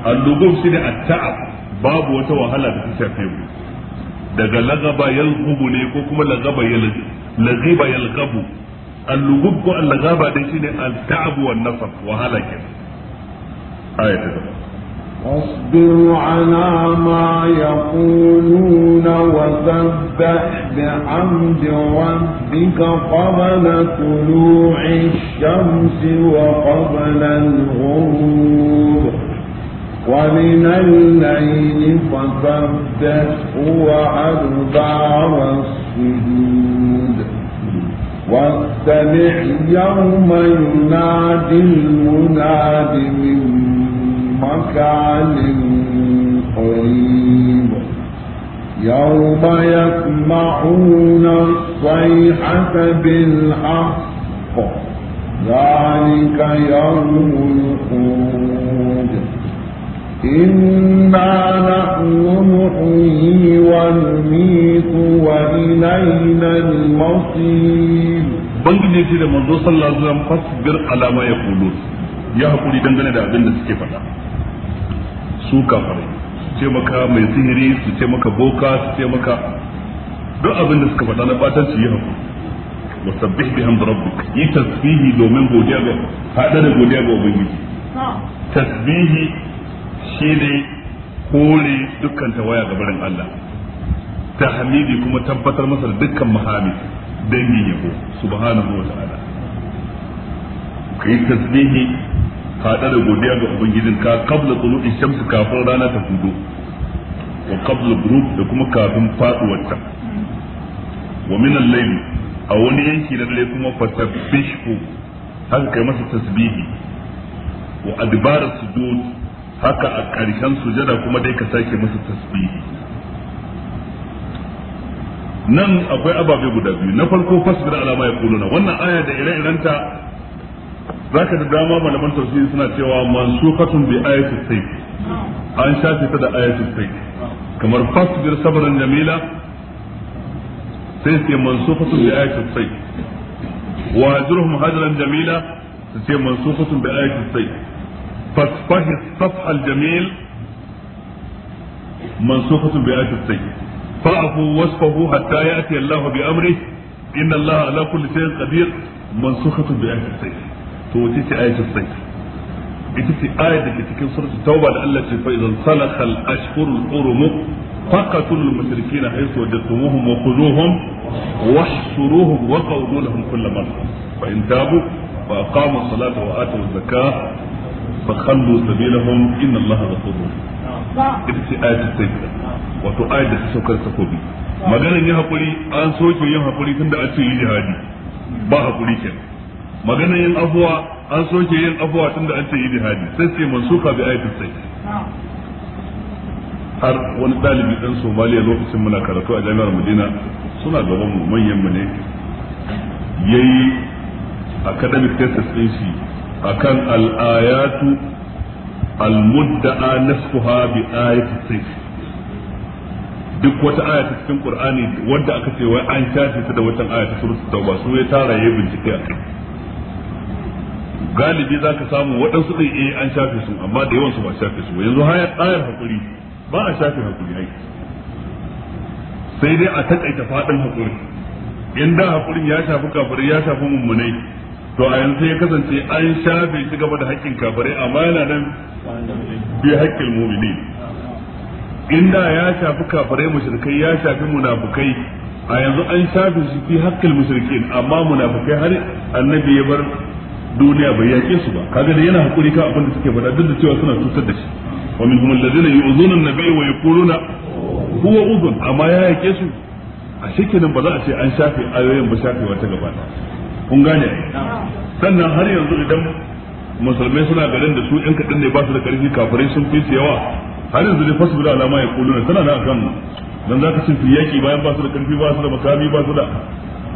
al shi ne at-ta'ab babu wata wahala da ta shafe mu daga lagaba yalgubu ne ko kuma lagaba laziba yalgabu al-lugub ko al-lagaba dai shine al wa nasab wahala kenan aya ta gaba على ما يقولون وسبح بحمد ربك قبل طلوع الشمس وقبل الغروب ومن الليل فسبحه وأدبار والسجود واستمع يوم ينادي المناد من مكان قريب يوم يسمعون الصيحة بالحق ذلك يوم الخروج إنا نحن نحيي ونميت وإلينا المصير bangiji ce da manzo sallallahu alaihi wasallam fasbir ala ma yaqulun ya hakuri dangane da abin suke faɗa su kafirai ce maka mai sihiri su ce maka boka su ce maka duk abin da suka faɗa na batanci ya hakuri wasabbih tasbihi ga ubangiji tasbihi shine kore dukkan tawaya ga barin Allah tahmidi kuma tabbatar masa da dukkan mahamid dangin yabo subhanahu wa ta'ala kai tasbihi hada da godiya ga ubangijin ka qabla tulu'i shamsi kafin rana ta hudu wa qabla ghurub da kuma kafin ta wa min al a wani yanki da dare kuma fatabbihu haka kai masa tasbihi wa adbar sujud haka a ƙarshen sujada kuma dai ka sake masa tasbihi nan akwai ababe guda biyu na farko fasbir alama ya kuluna wannan aya da ire-irenta ka da dama malaman tafsiri suna cewa masu mansukatun bi ayati sayf an shafe ta da ayati sayf kamar fasbir sabran jamila sai sai mansukatun bi ayati sayf wa hajruhum hajran jamila masu mansukatun bi ayati sayf فاصفه الصفح الجميل منسوخة بآية السيد فأفوا وصفه حتى يأتي الله بأمره إن الله على كل شيء قدير منسوخة بآية السيد توتيتي آية السيد إتيتي آية التي تكون سورة التوبة التي فإذا انسلخ الأشهر الحرم فقتلوا المشركين حيث وجدتموهم وخذوهم واحصروهم وقولوا لهم كل مرة فإن تابوا فأقاموا الصلاة وآتوا الزكاة fa khallu sabilahum inna allaha ghafurur ita ce ayatul sajda wato ayat da saukar takobi maganar yin hakuri an soke yin hakuri tunda an ce yi jihadi ba hakuri kenan maganar yin afuwa an soke yin afuwa tunda an ce yi jihadi sai ce mansuka bi ayatul sajda har wani ɗalibi ɗan somaliya lokacin muna karatu a jami'ar madina suna gaban mu manyan mu ne yayi academic thesis ɗin shi akan al-ayatu al-mudda'a nasfuha bi ayati sayf duk wata aya ta cikin Qur'ani wanda aka ce wai an shafe ta da wata aya ta suratul Tauba su ya tara ya bincike akai galibi zaka samu waɗansu ɗin eh an shafe su amma da yawansu ba shafe su yanzu haya ayar hakuri ba a shafe hakuri ai sai dai a takaita fadin hakuri inda da hakurin ya shafi kafirai ya shafi mummunai to a yanzu ya kasance an shafe shi gaba da haƙƙin kafare amma yana nan bi haƙƙin mumini inda ya shafi kafare mushrikai ya shafi munafukai a yanzu an shafe shi fi haƙƙin mushrikin amma munafukai har annabi ya bar duniya bai yaƙe su ba kaga da yana hakuri kan abin da suke faɗa duk da cewa suna tutar da shi wa min hum alladhina yu'zuna an-nabiyya wa yaquluna huwa udhun amma ya yaƙe su a shekenan ba za a ce an shafe ayoyin ba shafewa ta gaba kun gane sannan har yanzu idan musulmai suna garin da su ɗan kaɗan ne ba su da ƙarfi kafirai sun fi su yawa har yanzu dai fasu da alama ya kuluna tana da akan dan za ka cin yaƙi bayan ba su da ƙarfi ba su da makami ba su da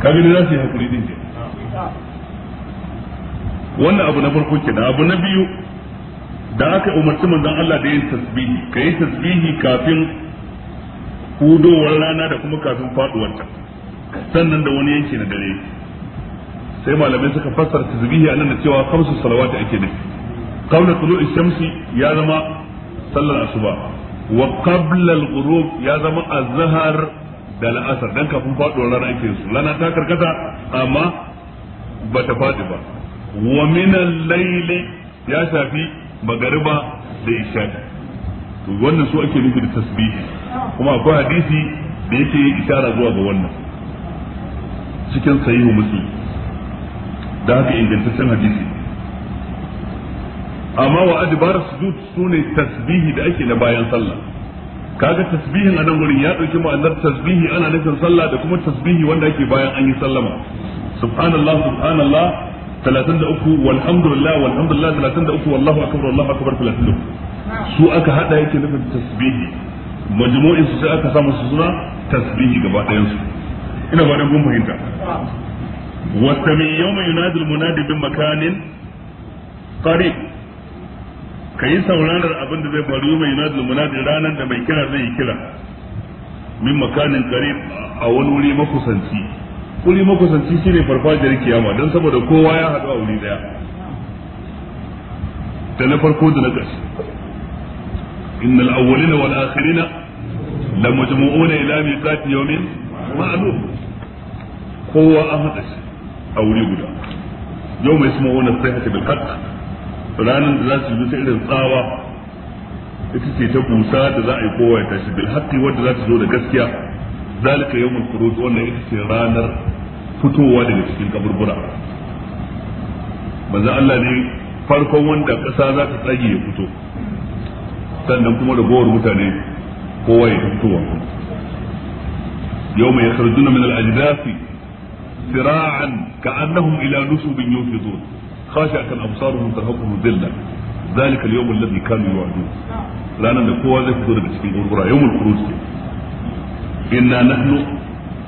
ka gani za su yi hakuri din wannan abu na farko ke abu na biyu da aka umarci manzon Allah da yin tasbihi ka yi tasbihi kafin hudowar rana da kuma kafin ta sannan da wani yanki na dare sai malamai suka fassara tasbihi anan da cewa khamsu salawati ake nufi qabla tulu'i shamsi ya zama sallar asuba wa qabla al-ghurub ya zama az-zahar da al-asr dan kafin faduwar rana ake su rana ta karkata amma bata fadi ba wa min al-layl ya shafi magariba da isha to wannan su ake nufi da tasbihi kuma akwai hadisi da yake isharar zuwa ga wannan cikin sahihu muslim da haka ingantaccen hadisi amma wa adbar sujud sune tasbihi da ake na bayan sallah kaga tasbihin a nan wurin ya dauki ma'anar tasbihi ana nufin sallah da kuma tasbihi wanda ake bayan an yi sallama subhanallah subhanallah 33 walhamdulillah walhamdulillah 33 wallahu akbar wallahu akbar 33 su aka hada yake nufin tasbihi majmu'in su sai aka samu su suna tasbihi gaba ɗayan su ina ba da mun fahimta wasami yawma yunadil munadi bin makanin ka yi sauranar abin da zai faru mai yunadil munadi ranar da mai kira zai yi kira min makanin qarib a wani wuri makusanci wuri makusanci shi ne farfajiyar kiyama don saboda kowa ya haɗu a wuri daya da na farko da na ƙarshe innal awwalina wal akhirina la majmu'una ila miqati yawmin ma'lum kowa an haɗa shi a wuri guda yau mai suma wani sai haka bilhaq ranar da za su yi sai irin tsawa ita ce ta busa da za a yi kowa ya tashi bilhaqi wanda za ta zo da gaskiya zalika yawmul khuruj wannan ita ce ranar fitowa daga cikin kaburbura manzo Allah ne farkon wanda ƙasa za ta tsage ya fito sannan kuma da ragowar mutane kowa ya fitowa yawma yakhrujuna min al-ajdathi sira'an كأنهم إلى نصب يوفضون خاشعة أبصارهم ترهقهم ذلة ذلك اليوم الذي كانوا يوعدون لأن القوة ذي فدور بسكين غربرة يوم الخروج إنا نحن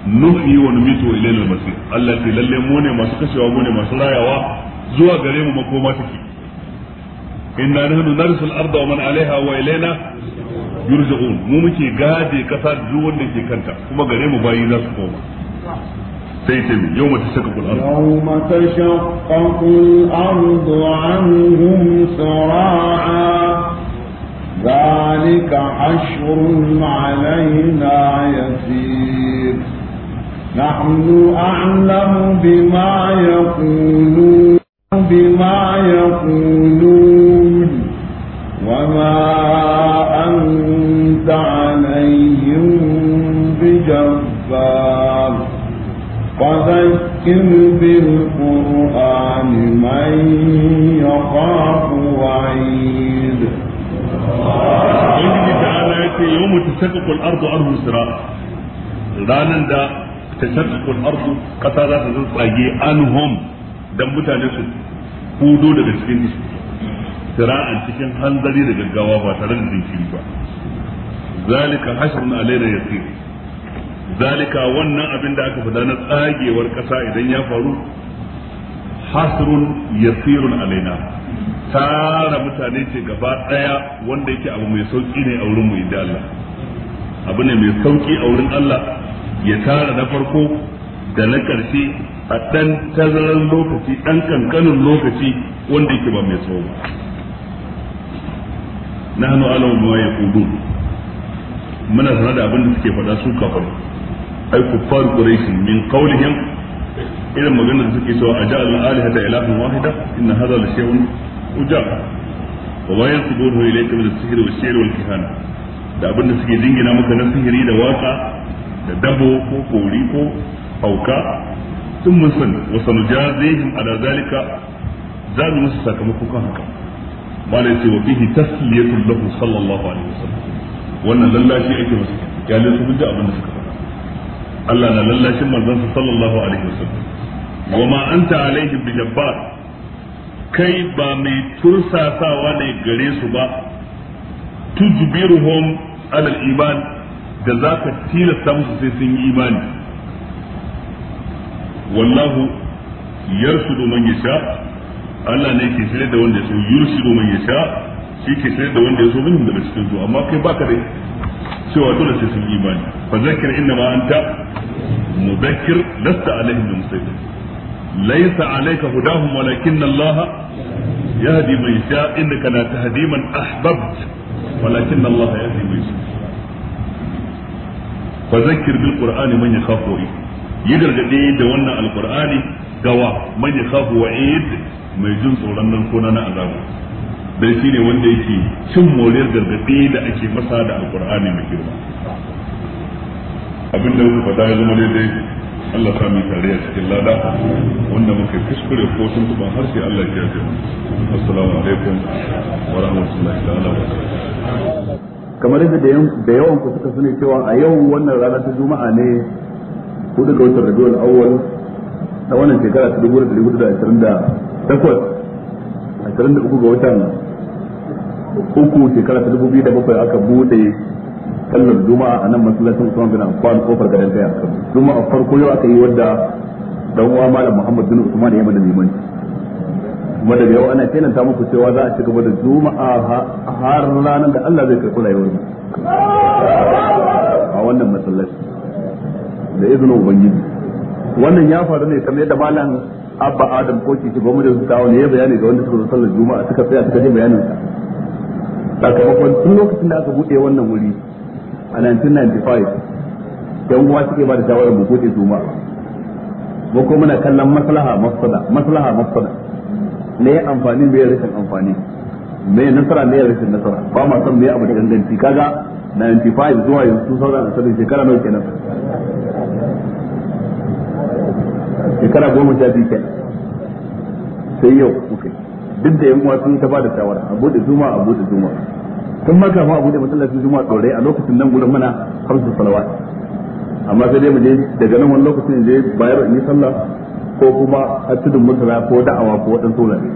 nuhi wa numitu wa ilayna al-masir Allah ce lalle mu ne masu kashewa mu ne masu rayawa zuwa gare mu makoma take inna nahnu narsul arda wa man alaiha wa ilayna yurja'un mu muke gade kasa duk wanda ke kanta kuma gare mu bayi za su koma سيتم يوم تشقق الأرض يوم تشقق الأرض عنهم سراعا ذلك حشر علينا يسير نحن أعلم بما يقولون بما يقولون فذكر بالقرآن من يخاف وعيد Ubangiji ta'ala ya ce yau mu ta saka al-ardu arhu sira Ranar da tasakku al-ardu kasa za ta tsage anhum don mutane su hudo daga cikin su sira'an cikin hanzari da gaggawa ba tare da jinkiri ba zalika alaina ya yasir zalika wannan abin da aka fada na tsagewar ƙasa idan ya faru hasrun yasirun alaina tara mutane ce gaba daya wanda yake abu mai sauki ne a wurin mu inda Allah abu ne mai sauki a wurin Allah ya tara na farko da na karshe a dan tazarar lokaci dan kankanin lokaci wanda yake ba mai tsawo nahnu alamu ma muna sanar da abin da suke faɗa su kafin ai kuffar quraish min qawlihim irin magana da suke cewa aja'al alihata ilahan wahida inna hadha la shay'un uja wa ma yansubuhu ilayka min as-sihr wa shi'r wal kihana da abinda suke dingina maka na sihiri da waka da dabo ko kori ko hauka sun mun san wa sanujazihim ala zalika za mu musu sakamako kan haka malai sai wa bihi tasliyatul lahu sallallahu alaihi wasallam wannan lallashi ake masa ya lissu abin da suka Allah na lallashin manzansa sallallahu alaihi wasallam wa ma anta alaihim bi jabbar kai ba mai tursasawa ne gare su ba tujbiruhum ala al-iman da zaka tilasta musu sai sun yi imani wallahu yarsudu man yasha Allah ne ke shirye da wanda ya so yursudu man yasha shi ke shirye da wanda ya so bin da cikin su amma kai baka da cewa dole sai sun imani fa zakir inna ma anta mudakkir lasta alaihim bi musaytir laysa alayka hudahum walakinna allaha yahdi man yasha innaka la tahdi man ahbabt walakinna allaha yahdi man yasha fa zakir bil qur'ani man yakhafu yi gargade da wannan alqur'ani gawa man yakhafu wa'id mai jin tsoron nan ko na azabu shi ne wanda yake cin moriyar gargaɗe da ake masa da alqur'ani mai girma abin da muka faɗa ya zama daidai Allah ta mai tare a cikin lada wanda muka kuskure ko sun tuba har sai Allah ya ji assalamu alaikum wa rahmatullahi ta'ala wa kamar yadda da yawan ku suka sani cewa a yau wannan rana ta juma'a ne hudu ga watan rabiul awwal ta wannan shekara ta dubu da da da ashirin ashirin takwas, 2028 ga watan uku shekara ta dubu biyu da bakwai aka bude sallar juma'a a nan masallacin usman bin affan kofar gadan kai akan juma'a farko yau aka yi wadda dan uwa malam muhammad bin usman ya mada liman kuma daga yau ana ta muku cewa za a ci gaba da juma'a har ranar da Allah zai karɓi rayuwar mu a wannan masallaci da izinin ubangiji wannan ya faru ne kamar yadda malam abba adam ko ki shiga mu da su tawo ne ya bayani ga wanda suka zo sallar juma'a suka tsaya suka ji bayanin sa sakamakon tun lokacin da aka buɗe wannan wuri a 1995 yan uwa suke ba da shawarar mu buɗe su ma mu ko muna kallon maslaha mafsada maslaha mafsada ne ya amfani me ya rashin amfani me nasara me ya rashin nasara ba ma san me abu da danganci kaga 95 zuwa yanzu sauran asalin shekara nawa kenan shekara goma sha biyu kenan sai yau muka duk da yan uwa sun ta da shawara a bude zuma a bude juma'a kun ma a bude masallacin juma'a dore a lokacin nan gurin mana hamsu salawat amma sai dai mu je daga nan wani lokacin je bayar in yi sallah ko kuma a tudun mutala ko da'awa ko waɗansu wurare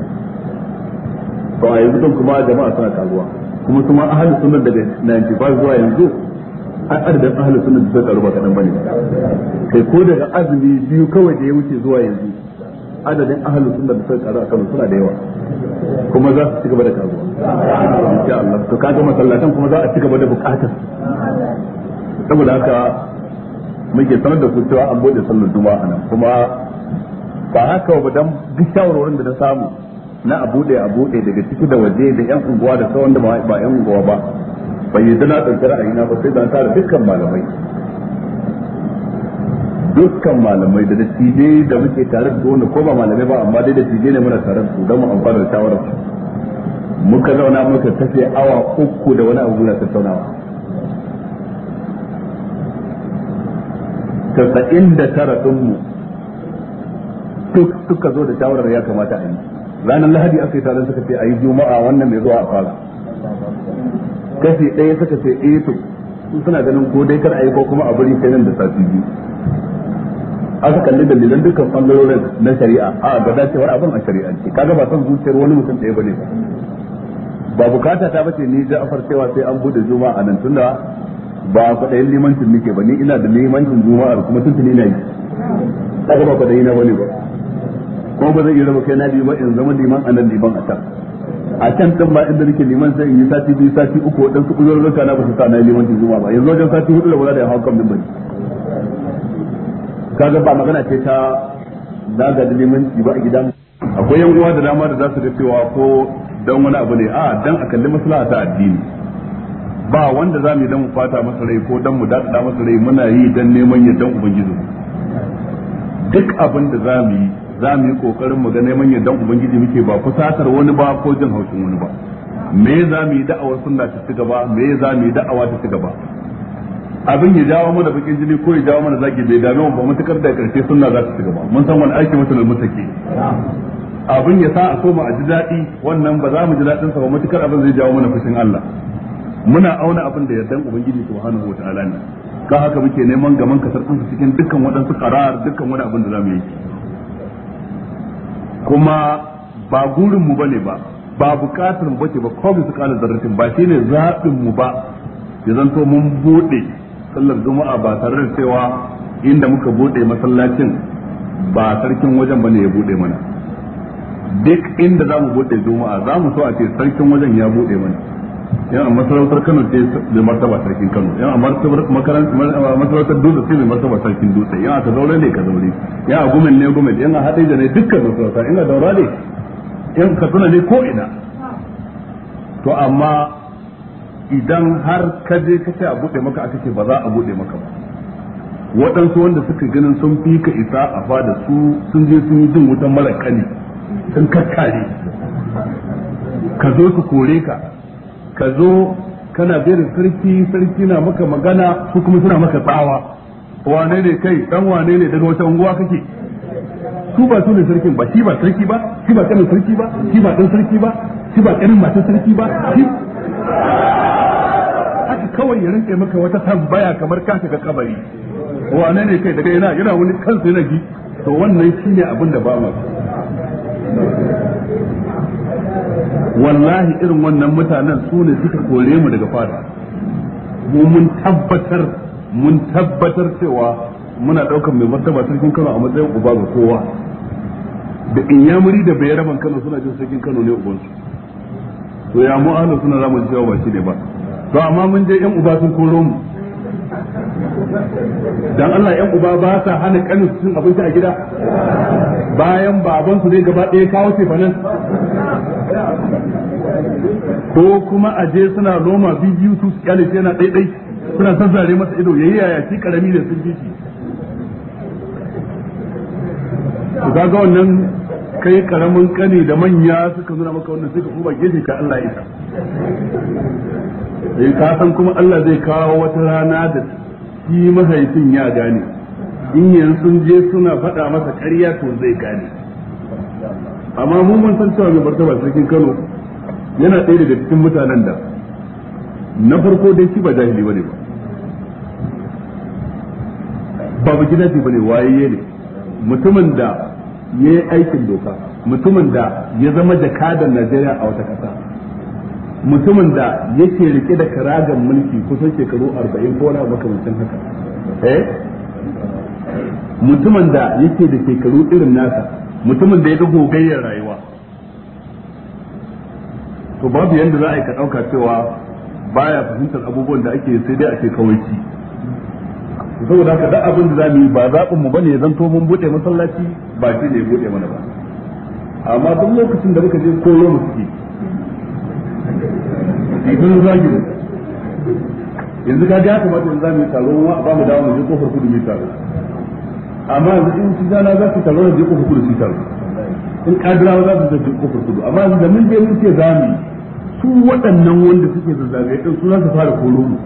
to a yanzu don kuma jama'a suna karuwa kuma kuma ahalin sunan daga 95 zuwa yanzu adadin ahalin sunan da suka karu ba kaɗan ba ne kai ko daga azumi biyu kawai da ya wuce zuwa yanzu adadin ahalu sun da suka karu a Kano suna da yawa kuma za su ci gaba da karuwa insha Allah to kaga masallatan kuma za a ci gaba da bukatar saboda haka muke sanar da ku cewa an bude sallar juma'a nan kuma ba haka ba dan duk shawarwarin da na samu na a bude a bude daga ciki da waje da yan unguwa da sauran da ba yan unguwa ba bai yi dana ɗauki ra'ayi na ba sai dan an dukkan malamai dukkan malamai da dattijai da muke tare da wanda ko ba malamai ba amma dai dattijai ne muna tare da su don mu amfana da shawarar muka zauna muka tafiya awa uku da wani abu muna tattaunawa tasa'in da tara mu duk suka zo da shawarar ya kamata a yi ranar lahadi aka yi taron suka ce a yi juma'a wannan mai zuwa a fara kashi ɗaya suka ce eh to suna ganin ko dai kar a yi ko kuma a bari sai nan da sati biyu aka kalli dalilan dukkan bangarorin na shari'a a ga dacewar abin a shari'ance kaga ba son zuciyar wani mutum ɗaya bane ba ba bukata ta bace ni Ja'far cewa sai an bude juma'a nan tunda ba da limancin nake ba ni ina da limancin juma'ar kuma tuntuni na yi kaga ba da na bane ba ko ba zai iya raba kai na biyu ba in zama liman anan liman a can a can din ba inda nake liman sai in yi sati biyu sati uku waɗansu uzurruka na ba su sa na limancin juma'a ba yanzu wajen sati hudu da wala da hawa kan mimbari kaga ba magana ce ta zaga da limanci ba a gidan akwai yan uwa da dama da za su ga cewa ko dan wani abu ne a dan a kalli maslaha ta addini ba wanda za mu yi dan mu fata masa rai ko dan mu dada masa rai muna yi dan neman yardan ubangiji duk abin da za mu yi za mu yi kokarin mu ga neman yardan ubangiji muke ba kusatar wani ba ko jin haushin wani ba me za mu yi da'awar sunna ta ci gaba me za mu yi da'awa ta ci gaba abin ya jawo mana bakin jini ko ya jawo mana zaki bai dame mu ba mutakar da karshe sunna za ta shiga ba mun san wani aiki mutum mutake abin ya sa a koma a ji daɗi wannan ba za mu ji daɗin sa ba mutakar abin zai jawo mana fushin Allah muna auna abin da yardan ubangiji subhanahu wataala ne ka haka muke neman gaman kasar su cikin dukkan waɗansu karar dukkan wani abin da za mu yi kuma ba gurin mu bane ba ba bukatar mu bace ba ko su kana zarratin ba shine zaɓin mu ba ya zanto mun buɗe sallar juma'a ba tare da cewa inda muka bude masallacin ba sarkin wajen bane ya bude mana duk inda za mu bude juma'a za mu so a ce sarkin wajen ya bude mana yana masarautar kano ce mai martaba sarkin kano yana masarautar dutse ce mai martaba sarkin dutse yana ka zaure ne ka zaure yana gumin ne gumin yana haɗe da ne dukkan masarauta ina daura ne yan tuna ne ko ina to amma idan har ka je ka ce a bude maka aka ce ba za a bude maka ba waɗansu wanda suka ganin sun fi ka isa a fada su sun je sun yi jin wutan mara kani sun kakkare ka zo su kore ka ka zo kana birin sarki sarki na maka magana su kuma suna maka tsawa wane ne kai dan wane ne daga wata unguwa kake su ba su ne sarkin ba shi ba sarki ba shi ba kanin sarki ba shi ba dan sarki ba shi ba kanin matar sarki ba shi kawai ya rinke maka wata tambaya kamar ka shiga kabari wane ne kai daga yana yana wani kansa yana ji to wannan shine abin da ba mu wallahi irin wannan mutanen su ne suka kore mu daga fada mu mun tabbatar mun tabbatar cewa muna daukar mai martaba sarkin Kano a matsayin uba ga kowa da inyamuri da bayaraban Kano suna jin sarkin Kano ne ubansu to ya mu suna zamu cewa ba shi ne ba to amma mun je yan uba sun koro mu dan Allah yan uba ba sa hana kanin su cin abinci a gida bayan baban su zai gaba ɗaya kawo ce fanan ko kuma a je suna roma bibiyu su kyale yana ɗaiɗai suna sassare masa ido yayi yaya shi karami da sun ji shi ga wannan kai karamin kani da manya suka nuna maka wannan suka kuma gefe ka Allah ya isa sai eh, ka san kuma Allah zai kawo wata rana da shi mahaifin ya gane in yanzu sun je suna faɗa masa ƙarya to zai gane amma mu mun san cewa mai martaba sarkin Kano yana ɗaya daga cikin mutanen da na farko dai shi ba jahili bane ba babu gidaje bane waye ne mutumin da ya yi aikin doka mutumin da ya zama jakadan najeriya a wata kasa mutumin da yake rike da karagar mulki kusan shekaru arba'in ko na makamancin haka eh mutumin da yake da shekaru irin nasa mutumin da ya ga gogayyar rayuwa to babu yadda za a yi ka ɗauka cewa baya fahimtar abubuwan da ake sai dai a ce kawai saboda haka duk abin da mu yi ba zaɓin mu bane to mun bude masallaci ba shi ne bude mana ba amma duk lokacin da muka je koyo mu suke idan za mu yanzu ka ga kamata za mu yi taro mu ba mu dawo mu je kofar kudu mu taro amma yanzu in su na za su taro da je kofar kudu su taro in kadirawa za su je kofar kudu amma yanzu da mun je mun ce mu su waɗannan wanda suke zazzabe din su za su fara koro mu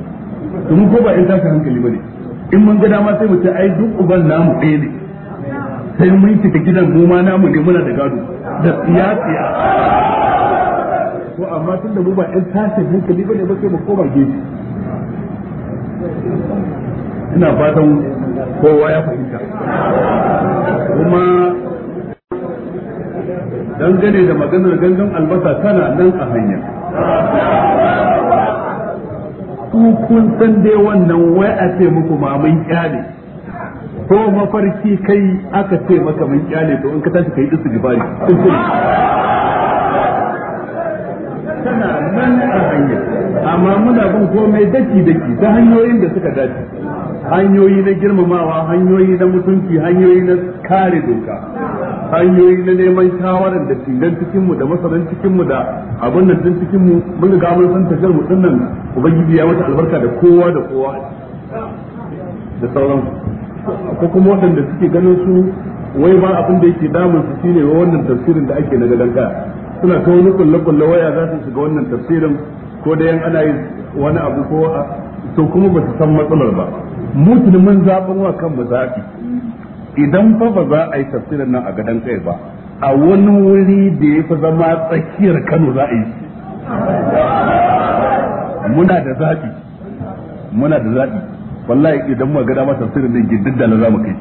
domin ko ba in tashi hankali ne. in mun ga dama sai mu ce ai duk uban namu ɗaya ne sai mun fita gidan mu ma namu ne muna da gado da tsia-tsiya. to amma tun da mu ba ɗan tashin hankali ba ne ba sai mu koma gefe ina fatan kowa ya fahimta kuma dangane da maganar gangan albasa tana nan a hanya su kun san dai wannan wai a ce muku ma mun kyale ko mafarki kai aka ce maka mun kyale to in ka tashi kai istighfari tana nan a hanya amma muna bin komai daki daki ta hanyoyin da suka dace hanyoyi na girmamawa hanyoyi na mutunci hanyoyi na kare doka hanyoyi na neman shawarar da tilan cikin mu da masaran cikin mu da abin nan cikin mu mun ga mun san tafiyar mu din nan ubangiji ya mata albarka da kowa da kowa da sauran ko kuma waɗanda suke ganin su wai ba abin da yake damun su shine wannan tafsirin da ake na gadanka suna ta wani kullu kullu waya za su shiga wannan tafsirin ko da yan ana yi wani abu ko to kuma ba su san matsalar ba mutumin mun zaɓin wa kan mu idan fa ba za a yi tafsirin nan a gadon kai ba a wani wuri da ya fi zama tsakiyar Kano za a yi muna da zaɓi muna da zaɓi wallahi idan mu gada ma tafsirin nan gindin da za mu kai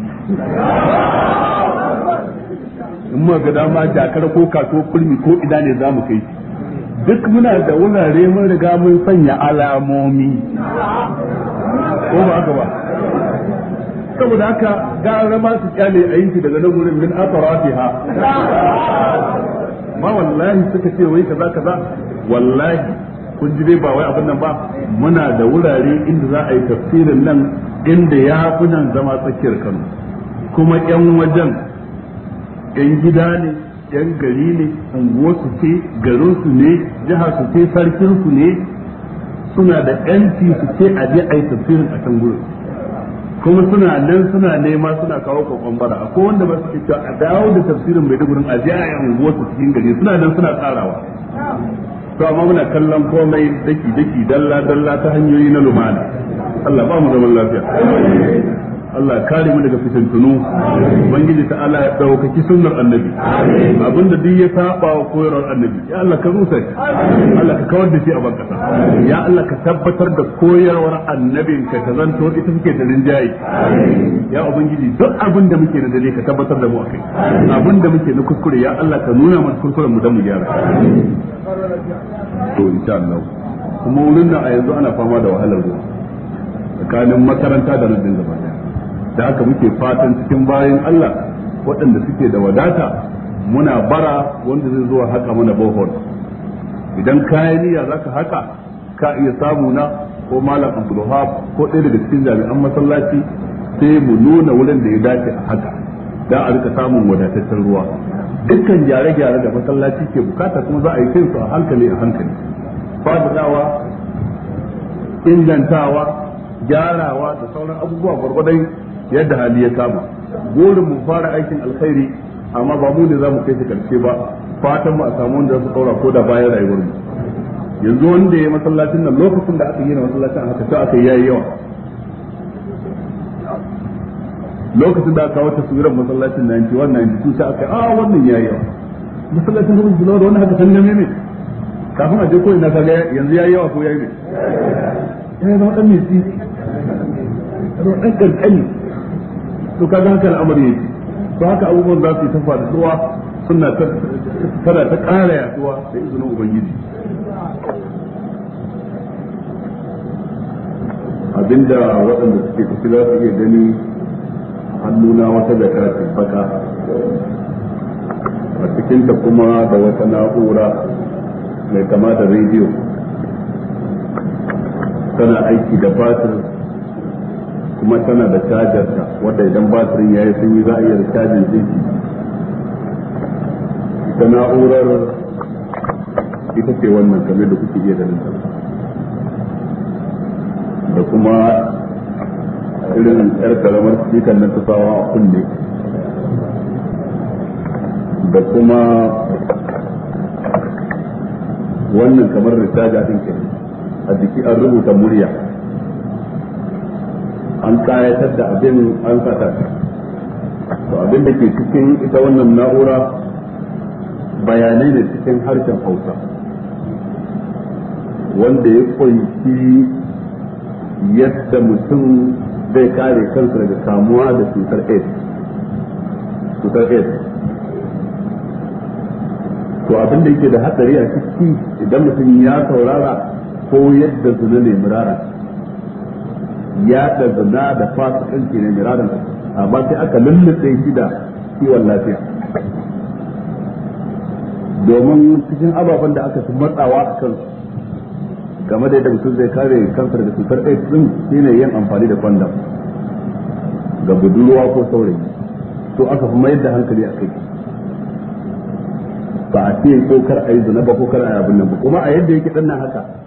in mu gada ma jakar ko kaso kulmi ko ida ne za mu kai duk muna da wurare mun riga mun sanya alamomi ko ba haka ba saboda haka gara ma su kyale a yi daga nan gurin min atarafiha ma wallahi suka ce wai kaza kaza wallahi kun ji dai ba wai abin nan ba muna da wurare inda za a yi tafsirin nan inda ya fi nan zama tsakiyar Kano kuma yan wajen yan gida ne yan gari ne unguwarsu ce garinsu ne jihar su ce sarkinsu ne suna da yanci su ce a je a yi tafsirin a can gurin kuma suna nan suna nema suna kawo kokon bara akwai wanda ba su ke cewa a dawo da tafsirin mai duburin a jiya a unguwa su cikin gari suna nan suna tsarawa to amma muna kallon komai daki daki dalla dalla ta hanyoyi na lumana Allah ba mu zaman lafiya Allah kare mu daga fitintunu ubangiji ta Allah ya daukaki sunnar annabi abinda duk ya saba wa koyarwar annabi ya Allah ka rusa shi Allah ka kawar da shi a bankasa ya Allah ka tabbatar da koyarwar annabin ka ta zanto ita muke da rinjaye ya ubangiji duk abin da muke da dare ka tabbatar da mu akai abin da muke na kuskure ya Allah ka nuna mana kuskuren mu dan mu gyara to insha Allah kuma wurin nan a yanzu ana fama da wahalar ruwa tsakanin makaranta da rubin zaman da aka muke fatan cikin bayan Allah waɗanda suke da wadata muna bara wanda zai zuwa haka mana bohol idan kayan niyya za ka haka ka iya samu na ko malam abdulhab ko ɗaya daga cikin jami'an masallaci sai mu nuna wurin da ya dace a haka da a rika samun wadataccen ruwa dukkan gyare-gyare da masallaci ke bukata kuma za a yi kai su a hankali a hankali fadadawa ingantawa gyarawa da sauran abubuwa gwargwadon yadda hali ya kama burin mu fara aikin alkhairi amma ba mu ne za mu kai shi karshe ba fatan mu a samu wanda za su kaura ko da bayan rayuwar mu yanzu wanda ya masallacin nan lokacin da aka yi na masallacin a haka ta aka yi yawa lokacin da aka kawo taswiran masallacin 91 92 ta aka a ah, wannan yayi yawa masallacin gumin jilawa da wannan haka san game ne kafin a je ko ina kaga yanzu yayi yawa ko yayi ne yana zama dan mai tsiri dan kankani to kaga haka al'amari yake to haka abubuwan za su yi ta faɗuwa suna tana ta ƙara yaduwa da izinin ubangiji abinda waɗanda suke kusa za su iya gani hannuna wata da karatun baka a cikinta kuma da wata na'ura mai kama da rediyo tana aiki da batir kuma tana da cajarta wadda idan batirin ya yi sun yi za a iya cajin jiki ta na'urar ita ce wannan kamar da kuke iya ganin da kuma irin yar karamar cikin na tufawa a kunne da kuma wannan kamar da caja ɗin ke a jiki an rubuta murya an kayatar da abin an fata to abin da ke cikin ita wannan na'ura bayanai ne cikin harshen hausa wanda ya kunshi yadda mutum zai kare kansa daga kamuwa da cutar aids cutar aids to abin da yake da hatsari a ciki idan mutum ya saurara ko yadda zuna ne murara ya da zina da fasikanci ne miradan amma sai aka lullube shi da kiwon lafiya domin cikin ababen da aka fi matsawa a kan game da yadda mutum zai kare kansa daga cutar aids din shine yin amfani da kwandam ga budurwa ko saurayi to aka fi mayar da hankali a kai ba a ce ko a yi zina ba ko kar a yi abin nan ba kuma a yadda yake dan nan haka